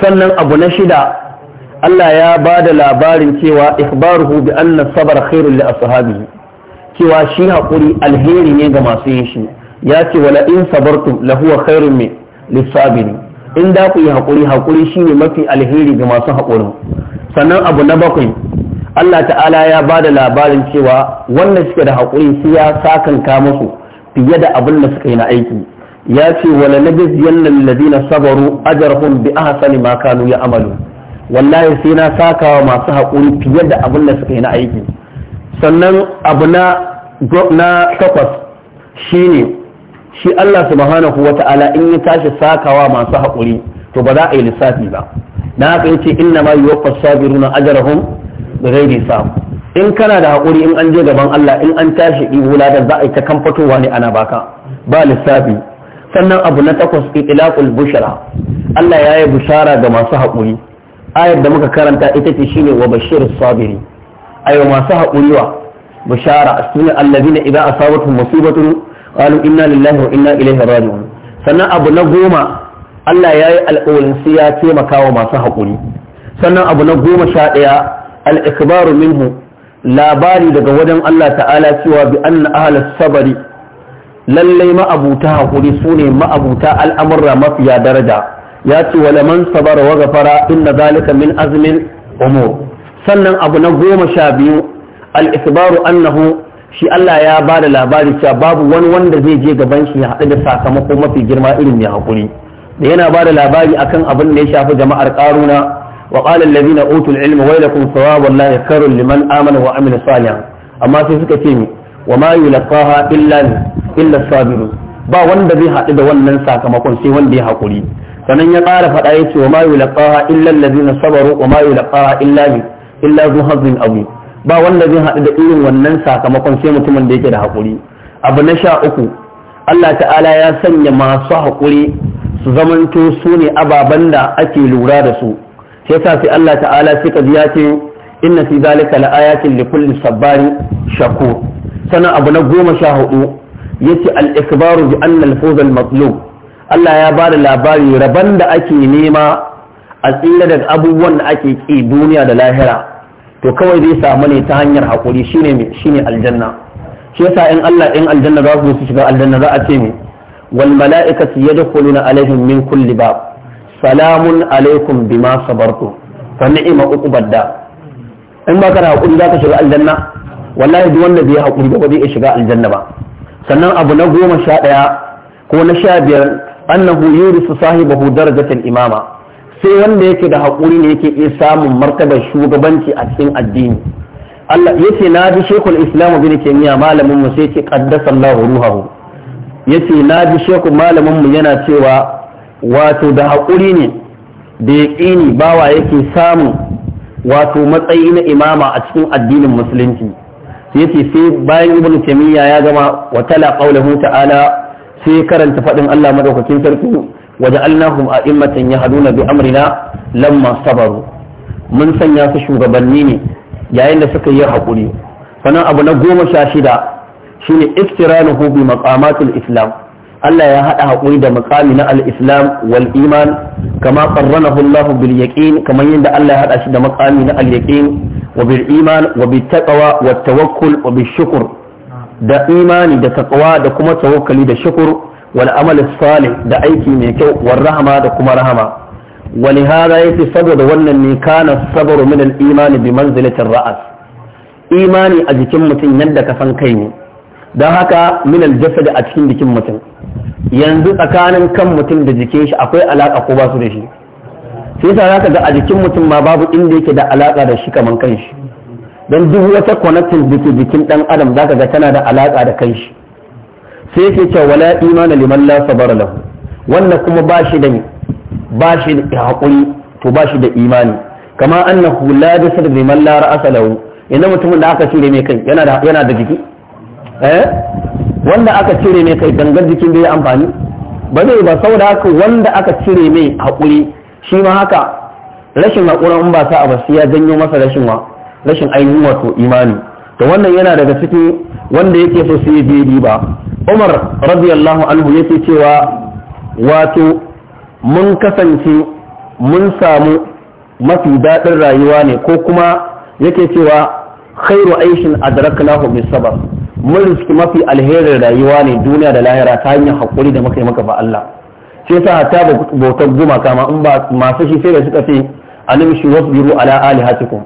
sannan abu na shida Allah ya ba da labarin cewa ikhbaruhu bi anna sabar khairul li ashabihi cewa shi haƙuri alheri ne ga masu yin shi ya ce wala in sabartum lahuwa khairun min lisabiri in da ku yi haƙuri haƙuri shine mafi alheri ga masu haƙurin sannan abu na bakwai Allah ta'ala ya ba da labarin cewa wanda suke da haƙuri su ya sakanka musu fiye da abin da suka yi na aiki ya ce wala najziyanna na sabaru ajarhun bi ahsani ma kanu ya'malu wallahi sai na sakawa masu haƙuri fiye da abin da suka yi na aiki sannan abu na na takwas shine shi Allah subhanahu in ya tashi sakawa masu haƙuri to ba za a yi lissafi ba na haka yace inna ma yuwaffa sabiruna ajrahum bi ghairi in kana da haƙuri in an je gaban Allah in an tashi ɗibo za a yi ta kan fitowa ne ana baka ba lissafi sannan abu na takwas itlaqul bushra Allah ya yi bushara ga masu haƙuri ayar da muka karanta ita ce shine wa bashir sabiri ayo masu haƙuri wa bushara sunna allazina idza asabatuhum musibatun qalu inna lillahi wa inna ilaihi raji'un sannan abu na goma Allah ya yi alƙawarin sai ya taimaka wa masu haƙuri sannan abu na goma sha ɗaya al-ikbaru minhu labari daga wajen Allah ta'ala cewa bi anna sabari lallai ma'abuta hakuri sune ma'abuta al'amurra mafiya daraja ya ce wa laman sabara wa gafara inna zalika min azmin umur sannan abu na goma sha biyu al-isbaru annahu shi Allah ya ba da labari cewa babu wani wanda zai je gaban shi ya haɗu da sakamako mafi girma irin mai hakuri da yana ba da labari akan abin da ya shafi jama'ar ƙaruna. وقال الذين أوتوا العلم ويلكم ثواب الله خير لمن آمن وعمل صالحا أما سيسك تيمي وما يلقاها إلا إلا الصابرون ba wanda zai haɗu da wannan sakamakon sai wanda ya haƙuri sannan ya ƙara faɗa ya ce wa ma yulqaha illa allazina sabaru wa ma yulqaha illa illa zu hazin abu ba wanda zai haɗu da irin wannan sakamakon sai mutumin da yake da haƙuri abu na sha uku Allah ta'ala ya sanya masu haƙuri su zamanto su ne ababen da ake lura da su sai sa sai Allah ta'ala sai ka biya ce inna fi zalika laayatin li kulli sabbarin shakur sana abu na goma sha hudu yace al-ikbaru bi anna al-fawz al-matlub Allah ya ba da labari rabon da ake nema a tsira daga abubuwan da ake ki duniya da lahira to kawai zai samu ne ta hanyar hakuri shine shine aljanna shi yasa in Allah in aljanna za su shiga aljanna za a ce ne wal mala'ikatu yadkhuluna alaihim min kulli bab salamun alaikum bima sabartu fa ni'ma uqbad in ba ka da hakuri ka shiga aljanna wallahi duk wanda bai hakuri ba zai shiga aljanna ba sannan abu na goma sha ɗaya ko na sha biyar annahu yurisu sahibahu darajatul imama sai wanda yake da hakuri ne yake iya samun martabar shugabanci a cikin addini Allah yace na ji shekul islam bin taymiya malamin mu sai ce qaddasa Allahu ruhahu yace na ji shekul malamin mu yana cewa wato da haƙuri ne da yaƙini bawa yake samun wato matsayi na imama a cikin addinin musulunci yace sai bayan ibnu taymiya ya gama wa tala qawluhu ta'ala sai karanta fadin Allah madaukakin sarki waja'alnahum a'immatan yahduna bi amrina lamma sabaru mun sanya su shugabanni ne yayin da suka yi haƙuri sannan abu na goma sha shida shine iftiranuhu bi maqamatil islam Allah ya haɗa haƙuri da makami na al-islam wal iman kama qarranahu Allah bil yaqin kamar yadda Allah ya haɗa shi da makami na al-yaqin wa bil iman wa bit taqwa wa tawakkul wa bil shukr da imani da taqwa da kuma tawakkali da shukr wal amal salih da aiki mai kyau war rahama da kuma rahama ولهذا يأتي saboda wannan ne kana sabaru min al-iman bi manzilati ar ra'as, imani a jikin mutum yadda ka san kai ne dan haka min al-jasad a cikin jikin mutum yanzu tsakanin kan mutum da jikin shi akwai alaƙa ko ba da shi sai sa za ka ga a jikin mutum ma babu inda yake da alaƙa da shi kaman kan shi don duk wata connecting da jikin ɗan adam za ka ga tana da alaƙa da kan shi sai ke ce wala imanin liman la sabar lahu wannan kuma ba shi da ba shi da haƙuri to ba shi da imani kama annahu la jasad liman la ra'asa lahu mutumin da aka cire mai kai yana da yana da jiki eh wanda aka cire mai kai dangar jikin da ya amfani ba zai ba saboda haka wanda aka cire mai haƙuri shi ma haka rashin haƙurin in ba sa a ya janyo masa rashin wa rashin ainihin wato imani da wannan yana daga cikin wanda yake so sai je ba Umar radiyallahu anhu yake cewa wato mun kasance mun samu mafi daɗin rayuwa ne ko kuma yake cewa khairu aishin adraknahu bis sabr mun mafi alherin rayuwa ne duniya da lahira ta hanyar haƙuri da muka yi maka ba Allah sai sa hatta bautar gumaka ma in ba masu shi sai da suka ce alim shi wasu biru ala alihatikum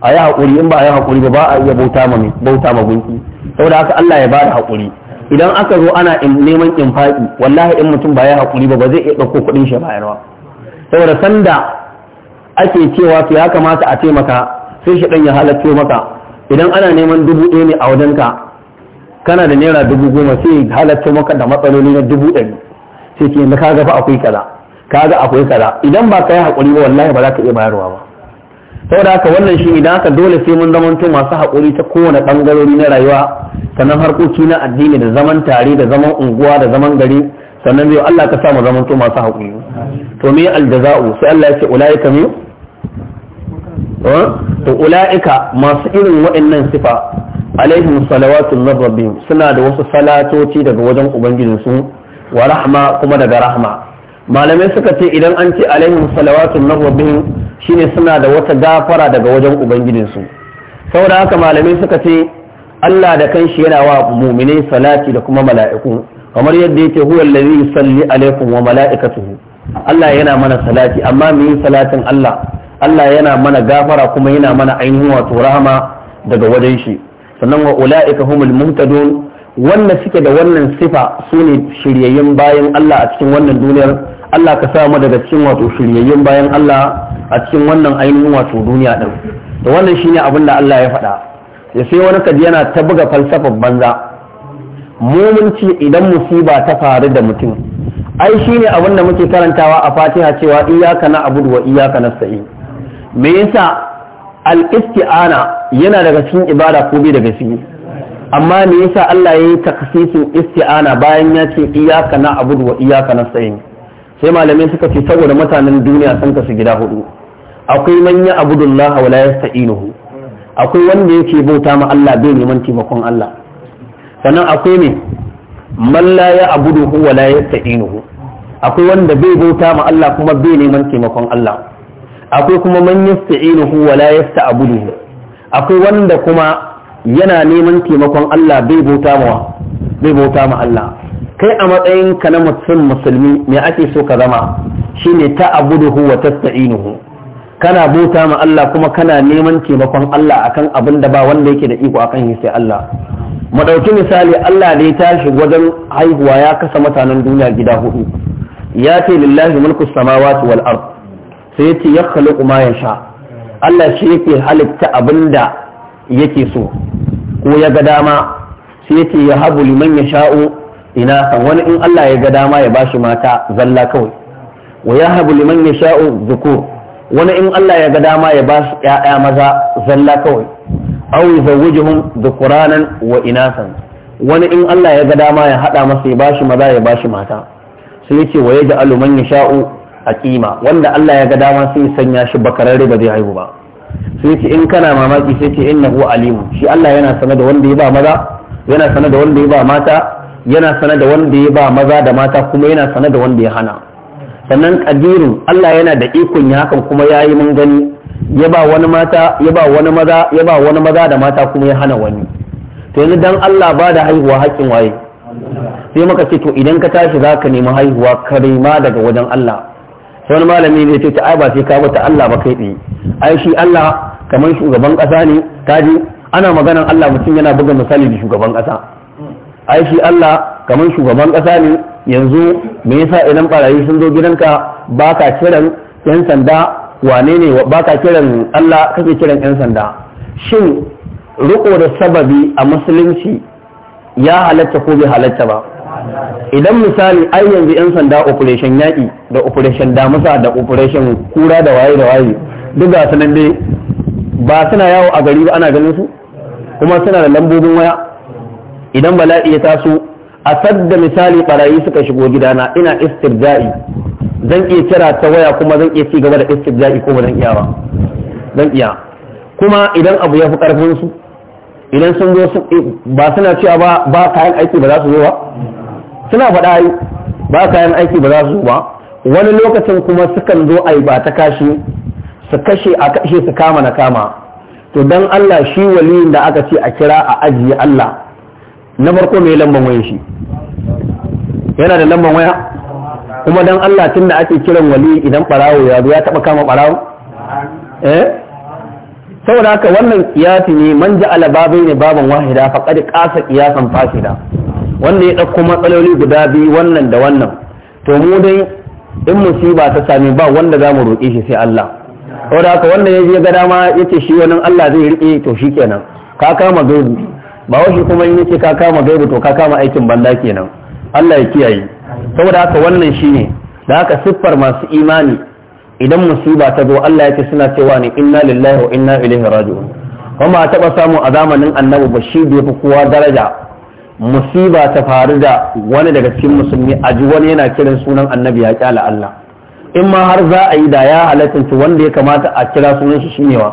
a yi haƙuri in ba a yi haƙuri ba ba a iya bauta ma bauta ma gunki saboda haka Allah ya ba da haƙuri idan aka zo ana neman infaƙi wallahi in mutum ba ya haƙuri ba ba zai iya ɗauko kuɗin shi bayarwa saboda sanda ake cewa su ya kamata a taimaka sai shi ɗan ya halatto maka idan ana neman dubu ɗaya ne a wajenka kana da naira dubu goma sai halatta maka da matsaloli na dubu ɗari sai ce yanzu ga fa akwai kaza ga akwai kaza idan ba ka yi haƙuri ba wallahi ba za ka iya bayarwa ba saboda haka wannan shi idan haka dole sai mun zamanto masu haƙuri ta kowane ɓangarori na rayuwa sannan harkoki na addini da zaman tare da zaman unguwa da zaman gari sannan zai Allah ka sa mu zamanto masu haƙuri to me aljaza'u sai Allah ya ce ulaika me to ulaika masu irin waɗannan sifa alaihim salawatun min suna da wasu salatoci daga wajen ubangijinsu wa rahma kuma daga rahma malamai suka ce idan an ce alaihim salawatun min shine suna da wata gafara daga wajen ubangijinsu saboda haka malamai suka ce Allah da kanshi yana wa mu'minai salati da kuma mala'iku kamar yadda yake huwa allazi yusalli alaikum wa mala'ikatuhu Allah yana mana salati amma mu yi salatin Allah Allah yana mana gafara kuma yana mana ainihin wato rahama daga wajen shi sannan wa ula'ika humul muhtadun wannan suke da wannan sifa sune shiryayyen bayan Allah a cikin wannan duniyar Allah ka sa mu daga cikin wato shiryayyen bayan Allah a cikin wannan ainihin wato duniya din to wannan shine abin da Allah ya faɗa ya sai wani kaji yana ta buga falsafar banza mumunci idan musiba ta faru da mutum ai shine abin da muke karantawa a Fatiha cewa iyyaka na'budu wa iyyaka nasta'in me yasa al-isti'ana yana daga cikin ibada ko bai daga cikin amma me yasa Allah ya yi takasisin isti'ana bayan ya ce iyaka na abudu wa iyaka na sai malamai suka ce saboda mutanen duniya sun kasu gida hudu akwai manya Allah wa la yasta'inuhu akwai wanda yake bauta ma Allah bai neman taimakon Allah sannan akwai ne man la ya abudu wa la yasta'inuhu akwai wanda bai bauta ma Allah kuma bai neman taimakon Allah akwai kuma man yasta'inuhu wa la yasta'buduhu akwai wanda kuma yana neman taimakon Allah bai bauta ma bai bauta ma Allah kai a matsayin ka na mutum musulmi me ake so ka zama shine ta'buduhu wa tasta'inuhu kana bauta ma Allah kuma kana neman taimakon Allah akan abin da ba wanda yake da iko akan shi sai Allah mu ɗauki misali Allah da ya tashi wajen haihuwa ya kasa mutanen duniya gida hudu ya ce lillahi mulku samawati wal ard sai ce ya kuma ya sha Allah shi yake halitta abinda yake so ko ya ga dama sai ce ya habu liman sha'o ina san wani in Allah ya ga dama ya bashi mata zalla kawai wa ya habu liman yasha'u dhukur wani in Allah ya ga dama ya bashi yaya maza zalla kawai aw yuzawwijuhum dhukuranan wa inasan wani in Allah ya ga dama ya hada masa ya bashi maza ya bashi mata sai yace wa yaj'alu man yasha'u a kima wanda Allah ya ga dama sun ya sanya shi bakararre ba zai haihu ba sai ce in kana mamaki sai ce innahu alimu shi Allah yana sanar da wanda ya ba maza yana sanar da wanda ya ba mata yana sanar da wanda ya ba maza da mata kuma yana sanar da wanda ya hana sannan kadirin Allah yana da ikon ya hakan kuma yayi mun gani ya ba wani mata ya ba wani maza ya ba wani maza da mata kuma ya hana wani to yanzu dan Allah ba da haihuwa haƙin waye sai muka ce to idan ka tashi zaka nemi haihuwa karima daga wajen Allah wani malami ya ce ta ba sai ka bata Allah ba kai tsaye ai shi Allah kamar shugaban kasa ne kaji ana maganan Allah mutum yana buga misali da shugaban ƙasa. ai shi Allah kamar shugaban ƙasa ne yanzu me yasa idan barayi sun zo gidanka baka kiran yan sanda wane ne baka kiran Allah kake kiran yan sanda shin riko da sababi a musulunci ya halatta ko bai halatta ba idan misali ai yanzu yan sanda operation yaƙi da operation damusa da operation kura da waye da waye duk ga sanan dai ba suna yawo a gari ba ana ganin su kuma suna da lambobin waya idan bala'i ya taso a sadda misali barayi suka shigo gidana ina istirja'i zan iya kira ta waya kuma zan iya ci gaba da istirja'i ko ba zan iya ba zan iya kuma idan abu ya fi karfin su idan sun zo ba suna cewa ba kayan aiki ba za su zo ba suna faɗa yi ba kayan aiki ba za su ba wani lokacin kuma sukan zo a yi ba ta kashi su kashe a kashe su kama na kama to don Allah shi waliyin da aka ce a kira a ajiye Allah na farko mai lamban waya shi yana da lamban waya kuma don Allah tun da ake kiran wali idan barawo ya zo ya taba kama barawo eh saboda haka wannan kiyafi ne man ja'ala babai ne baban wahida faqad qasa qiyasan fasida wanda ya ɗauko matsaloli guda biyu wannan da wannan to mu dai in musiba ta sami ba wanda za mu roƙe shi sai Allah saboda haka wanda ya je ga dama ya shi wannan Allah zai riƙe to shi kenan ka kama gaibu ba wasu kuma in yace ka kama gaibu to ka kama aikin banda kenan Allah ya kiyaye saboda haka wannan shine da haka siffar masu imani idan musiba ta zo Allah ya ce suna cewa ne inna lillahi wa inna ilaihi raji'un kuma a taɓa samu a zamanin annabi ba shi bai fi kowa daraja musiba ta faru da wani daga cikin musulmi a ji wani yana kiran sunan annabi ya kyala Allah in ma har za a yi da ya halatta wanda ya kamata a kira sunan shi shine wa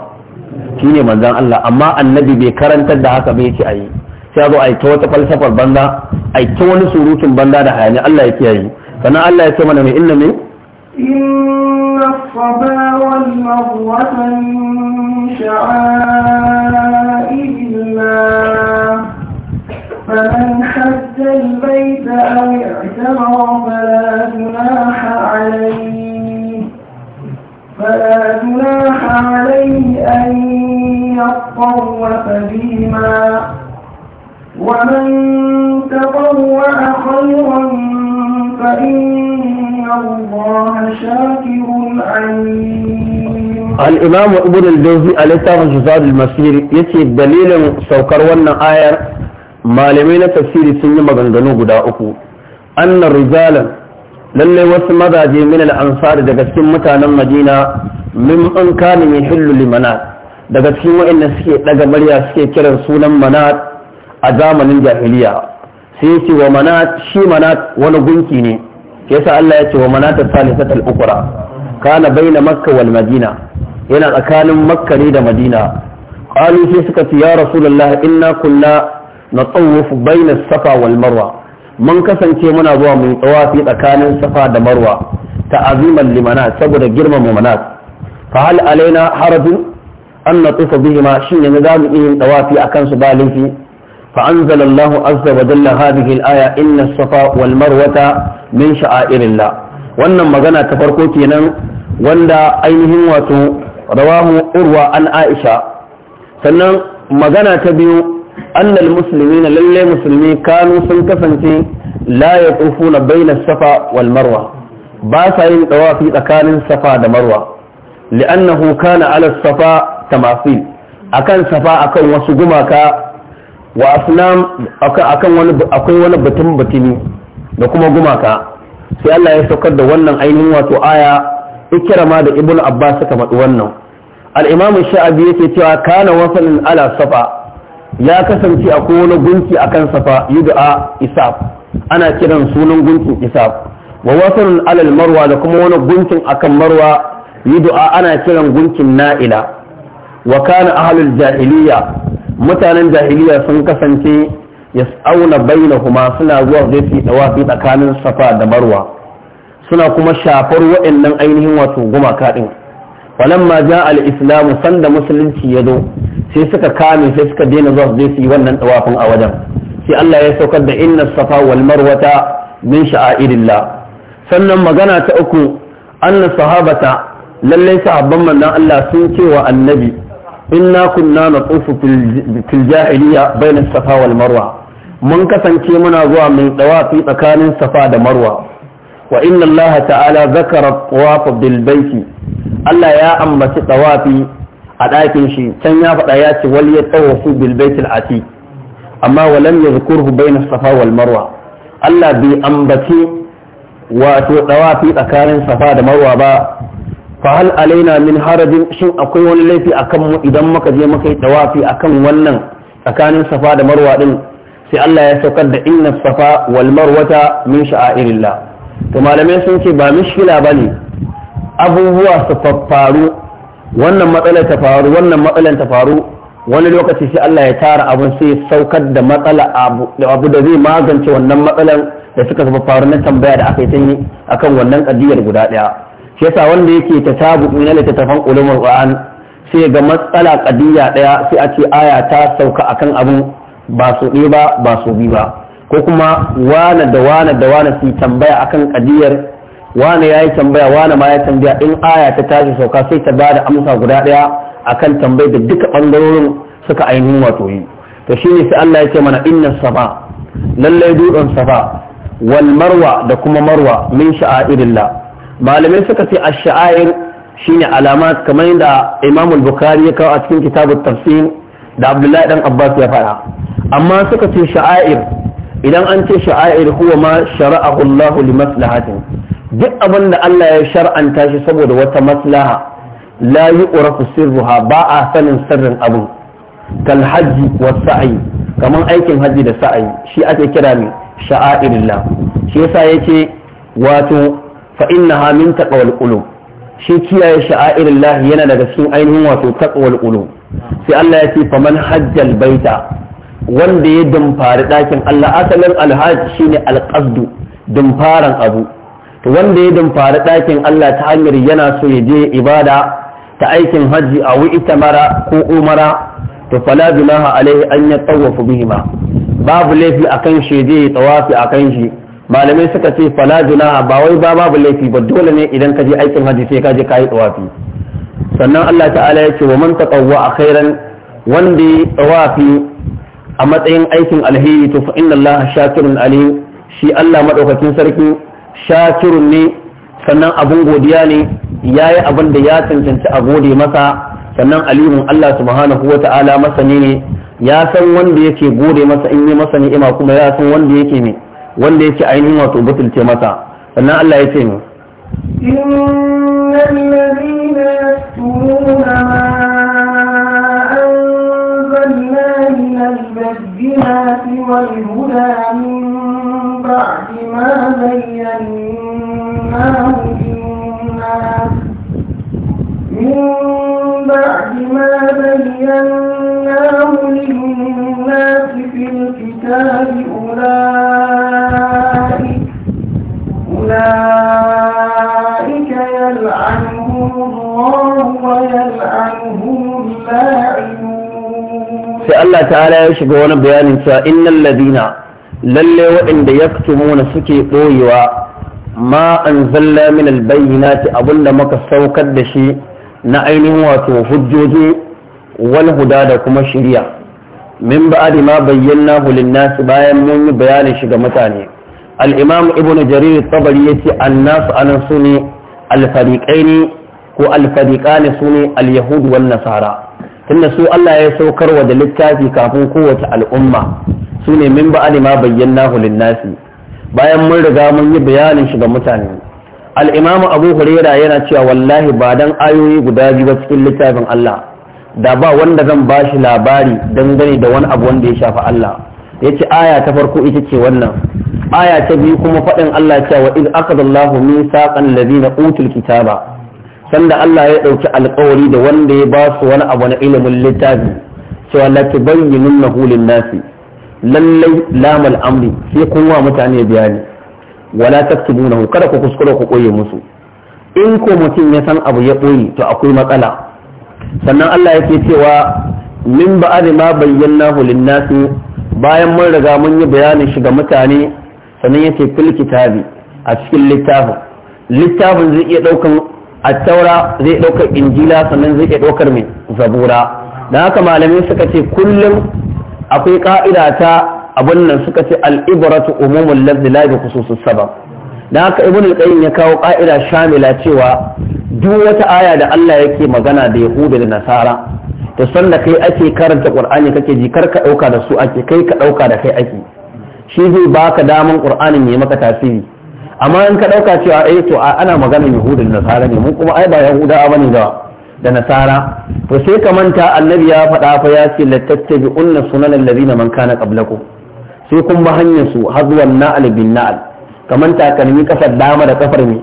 shine manzon Allah amma annabi bai karantar da haka bai ce a yi sai zo a yi ta wata falsafar banza a yi ta wani surutun banza da hayani Allah ya kiyaye sannan Allah ya ce mana mai inna me إن الصبا والمروة من شعائر فمن حج البيت أو اعتمر فلا جناح عليه فلا جناح عليه أن يطوف بهما ومن تطوع خيرا فإن الله شاكر عليم الإمام ابن الجوزي عليه السلام جزاد المسير يتي دليل سوكر ونن آير malamai na tafsiri sun yi maganganu guda uku annar rijalan lallai wasu mazaje min al daga cikin mutanen madina min an kana min hillu limanat daga cikin wa'anda suke daga murya suke kiran sunan manat a zamanin jahiliya sai yace wa manat shi manat wani gunki ne yasa Allah ya ce wa manat salisat al-ukra kana baina makka wal madina yana tsakanin makka ne da madina qalu sai suka fi ya rasulullah inna kunna na bai baina safa wal marwa mun kasance muna zuwa mu tsawafi tsakanin safa da marwa ta aziman limana saboda girmama manat fa hal alaina harajin an natufa bihima shin yanzu za mu iya tsawafi akan su ba laifi فأنزل الله عز وجل هذه الآية إن الصفا والمروة من شعائر الله wannan magana ta farko kenan wanda ainihin wato rawahu urwa an aisha sannan magana ta biyu annal musulmi na lalle musulmi kanu sun kasance la ya tsofu na safa wal marwa ba sa yin tsawafi tsakanin safa da marwa li'annahu kana ala safa tamasil akan safa kan wasu gumaka wa a kan wani akwai wani batun batini da kuma gumaka sai Allah ya saukar da wannan ainihin wato aya ma da ibnu abbas suka faɗi wannan al sha'abi yake cewa kana wasalin ala safa ya kasance a wani gunki a kan safa yud'a isaf ana kiran sunan gunkin isaf wa wasan alal marwa da kuma wani gunkin akan marwa yud'a ana kiran gunkin na'ila wa kana ahlul jahiliya mutanen jahiliya sun kasance ya auna baina kuma suna zuwa zai fi dawafi tsakanin safa da marwa suna kuma shafar waɗannan ainihin wato gumaka ɗin walamma ja al-islamu sanda musulunci ya zo sai suka kame sai suka daina zuwa zai su yi wannan tawafin a wajen sai Allah ya saukar da inna safa wal marwata min sha'airillah sannan magana ta uku anna sahabata lalle sahabban manzon Allah sun ce wa annabi inna kunna na fil jahiliya bayna safa wal marwa mun kasance muna zuwa mun tawafi tsakanin safa da marwa wa inna Allah ta'ala zakara tawafa bil baiti Allah ya ambaci ɗawafi a ɗakin shi can ya faɗa ya ce wal ya tawafu bil baitul ati amma walam yadhkurhu bayna safa wal marwa Allah bai ambaci wato tawafi tsakanin safa da marwa ba fa hal alaina min harajin shin akwai wani laifi akan mu idan muka je muka yi tawafi akan wannan tsakanin safa da marwa din sai Allah ya saukar da inna safa wal marwata min sha'airillah to malamai sun ce ba mishkila bane abubuwa su faru wannan matsalar ta faru wannan matsalar ta faru wani lokaci sai Allah ya tara abin sai saukar da matsala abu da zai magance wannan matsalar da suka zama faru na tambaya da aka yi sanyi akan wannan kadiyar guda daya shi yasa wanda yake ta tabu na littattafan ulumul qur'an sai ga matsala kadiya daya sai a ce aya ta sauka akan abin ba su ɗaya ba ba su bi ba ko kuma wane da wane da wane su tambaya akan kadiyar wani ya yi tambaya wana ma ya tambaya in aya ta tashi sauka sai ta ba da amsa guda ɗaya akan tambayar da duka bangarorin suka ainihin wato yi to shi ne sai Allah ya ce mana inna safa lallai dutsen safa wal marwa da kuma marwa min sha'airillah malamai suka ce ash-sha'air shine alama kamar yadda Imam al-Bukhari ya kawo a cikin kitabut tafsir da Abdullahi dan Abbas ya faɗa amma suka ce sha'air idan an ce sha'air huwa ma shara'ahu Allah li maslahatin duk abin da Allah ya shar'anta shi saboda wata maslaha la yu'rafu sirruha ba a sanin sirrin abu kal hajji wa sa'i kamar aikin hajji da sa'ayi shi ake kira ne sha'airillah shi yasa yake wato fa innaha min taqwal qulub shi kiyaye sha'airillah yana daga cikin ainihin wato taqwal qulub sai Allah ya ce faman hajjal baita wanda ya dumfari dakin Allah asalin alhaji shine alqasdu dumfaran abu to wanda ya dumfari ɗakin Allah ta hanyar yana so ya je ibada ta aikin hajji a wi mara ko umara to fala bilaha alaihi an ya tsawafu bihima babu laifi akan shi je ya a akan shi malamai suka ce fala junaha ba wai ba babu laifi ba dole ne idan ka je aikin hajji sai ka je ka yi tawafi sannan Allah ta'ala ya ce wa man taqawwa khairan wanda ya tsawafi a matsayin aikin alheri to fa inna Allah shakirun alim shi Allah madaukakin sarki shakirun ne sannan abin godiya ne ya yi abin da ya cancanci a gode masa sannan alimun Allah subhanahu wa ta'ala masani ne ya san wanda yake gode masa in yi masa ni'ima kuma ya san wanda yake ne wanda yake ainihin wato butulce masa sannan Allah ya ce mu innal ladina بعد ما بيناه للناس من بعد ما بيناه للناس في الكتاب أولئك أولئك يلعنهم الله ويلعنهم اللاعنون. الله تعالى يشبه بيان إن الذين lalle waɗanda yaktumuna suke ɓoyewa ma an zalla min abin da muka saukar da shi na ainihin wato hujjoji wal huda da kuma shirya min ba'di ma bayyana lin-nasi bayan mun yi bayanin shi ga mutane al-imam ibnu jarir tabari ce annasu anan ne al-fariqaini ko alfariƙa ne sune al-yahud nasara tunda su Allah ya saukarwa da littafi kafin kowace al'umma shine min ba'ali ma bayyana lin-nasi bayan mun riga mun yi bayanin shi ga mutane al Abu Huraira yana cewa wallahi ba dan ayoyi guda biyu ba cikin littafin Allah da ba wanda zan bashi labari dangane da wani abu wanda ya shafi Allah yace aya ta farko ita ce wannan aya ta biyu kuma faɗin Allah cewa id akadallahu mithaqan na utul kitaba sanda Allah ya ɗauki alƙawari da wanda ya ba su wani abu na ilimin littafi cewa la tubayyinunnahu hulin nasi lallai lamal amri sai kun wa mutane bayani wala taktubunahu kada ku kuskura ku koye musu in ko mutum ya san abu ya koyi to akwai matsala sannan Allah ya yake cewa min ba'ad ma bayyanahu lin-nasi bayan mun riga mun yi bayani shi ga mutane sannan yake fil kitabi a cikin littafin littafin zai iya daukan attaura zai daukar injila sannan zai iya daukar mai zabura da haka malamai suka ce kullum akwai ka'ida ta abin nan suka ce al'ibaratu umumin lafzi la bi khususus sabab dan haka ibn qayyim ya kawo ka'ida shamila cewa duk wata aya da Allah yake magana da yahudu da nasara to san da kai ake karanta qur'ani kake ji kar ka dauka da su ake kai ka dauka da kai ake shi zai baka daman qur'anin yayi maka tasiri amma in ka dauka cewa eh to ana maganar yahudu da nasara ne mun kuma ai ba yahuda bane da da nasara to sai ka manta annabi ya faɗa fa ya ce latattabi unna sunan ladina man kana qablakum sai kun ba hanyar su hazwan na'al bin na'al ka manta ka nemi kafar dama da kafar ne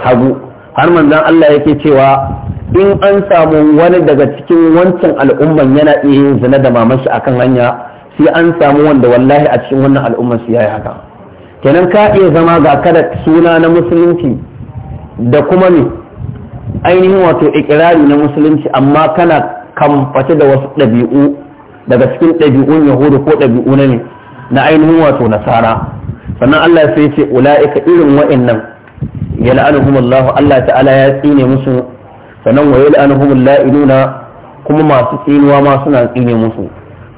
hagu har manzon Allah yake cewa in an samu wani daga cikin wancan al'umman yana iya yin zina da maman shi akan hanya sai an samu wanda wallahi a cikin wannan al'umman su yayi haka kenan ka iya zama ga kada suna na musulunci da kuma ne ainihin wato ikirari na musulunci amma kana kamface da wasu ɗabi'u daga cikin ɗabi'un yahudu ko ɗabi'u na ne na ainihin wato nasara sannan Allah sai ce ula'ika irin wa'annan ya la'anuhumullahu Allah ta'ala ya tsine musu sannan wa yal'anuhumul la'inuna kuma masu tsinuwa ma suna tsine musu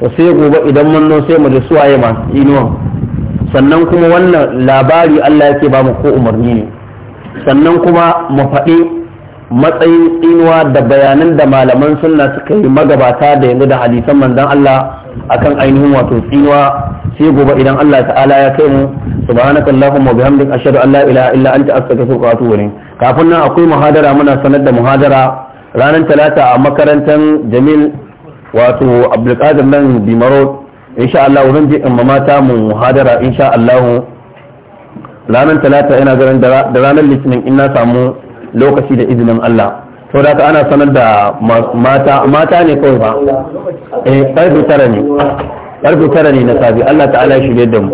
to sai gobe idan mun sai mu ji suwaye masu tsinuwa sannan kuma wannan labari Allah yake ba mu ko umarni ne sannan kuma mu faɗi matsayin tsinuwa da bayanan da malaman sunna suka yi magabata da yanzu da hadisan manzon Allah akan ainihin wato tsinuwa sai gobe idan Allah ta'ala ya kai mu subhanaka allahumma bihamdika ashhadu an la ilaha illa anta astaghfiruka wa atubu ilayk kafin nan akwai muhadara muna sanar da muhadara ranar talata a makarantar Jamil wato Abdulkadir nan Bimaro insha Allah wurin je in mamata mu muhadara insha Allah ranar talata ina ganin da ranar litinin in na samu lokaci da izinin Allah to da ana sanar da mata mata ne kawai ba eh karfe tara ne tara ne na sabi Allah ta'ala ya da mu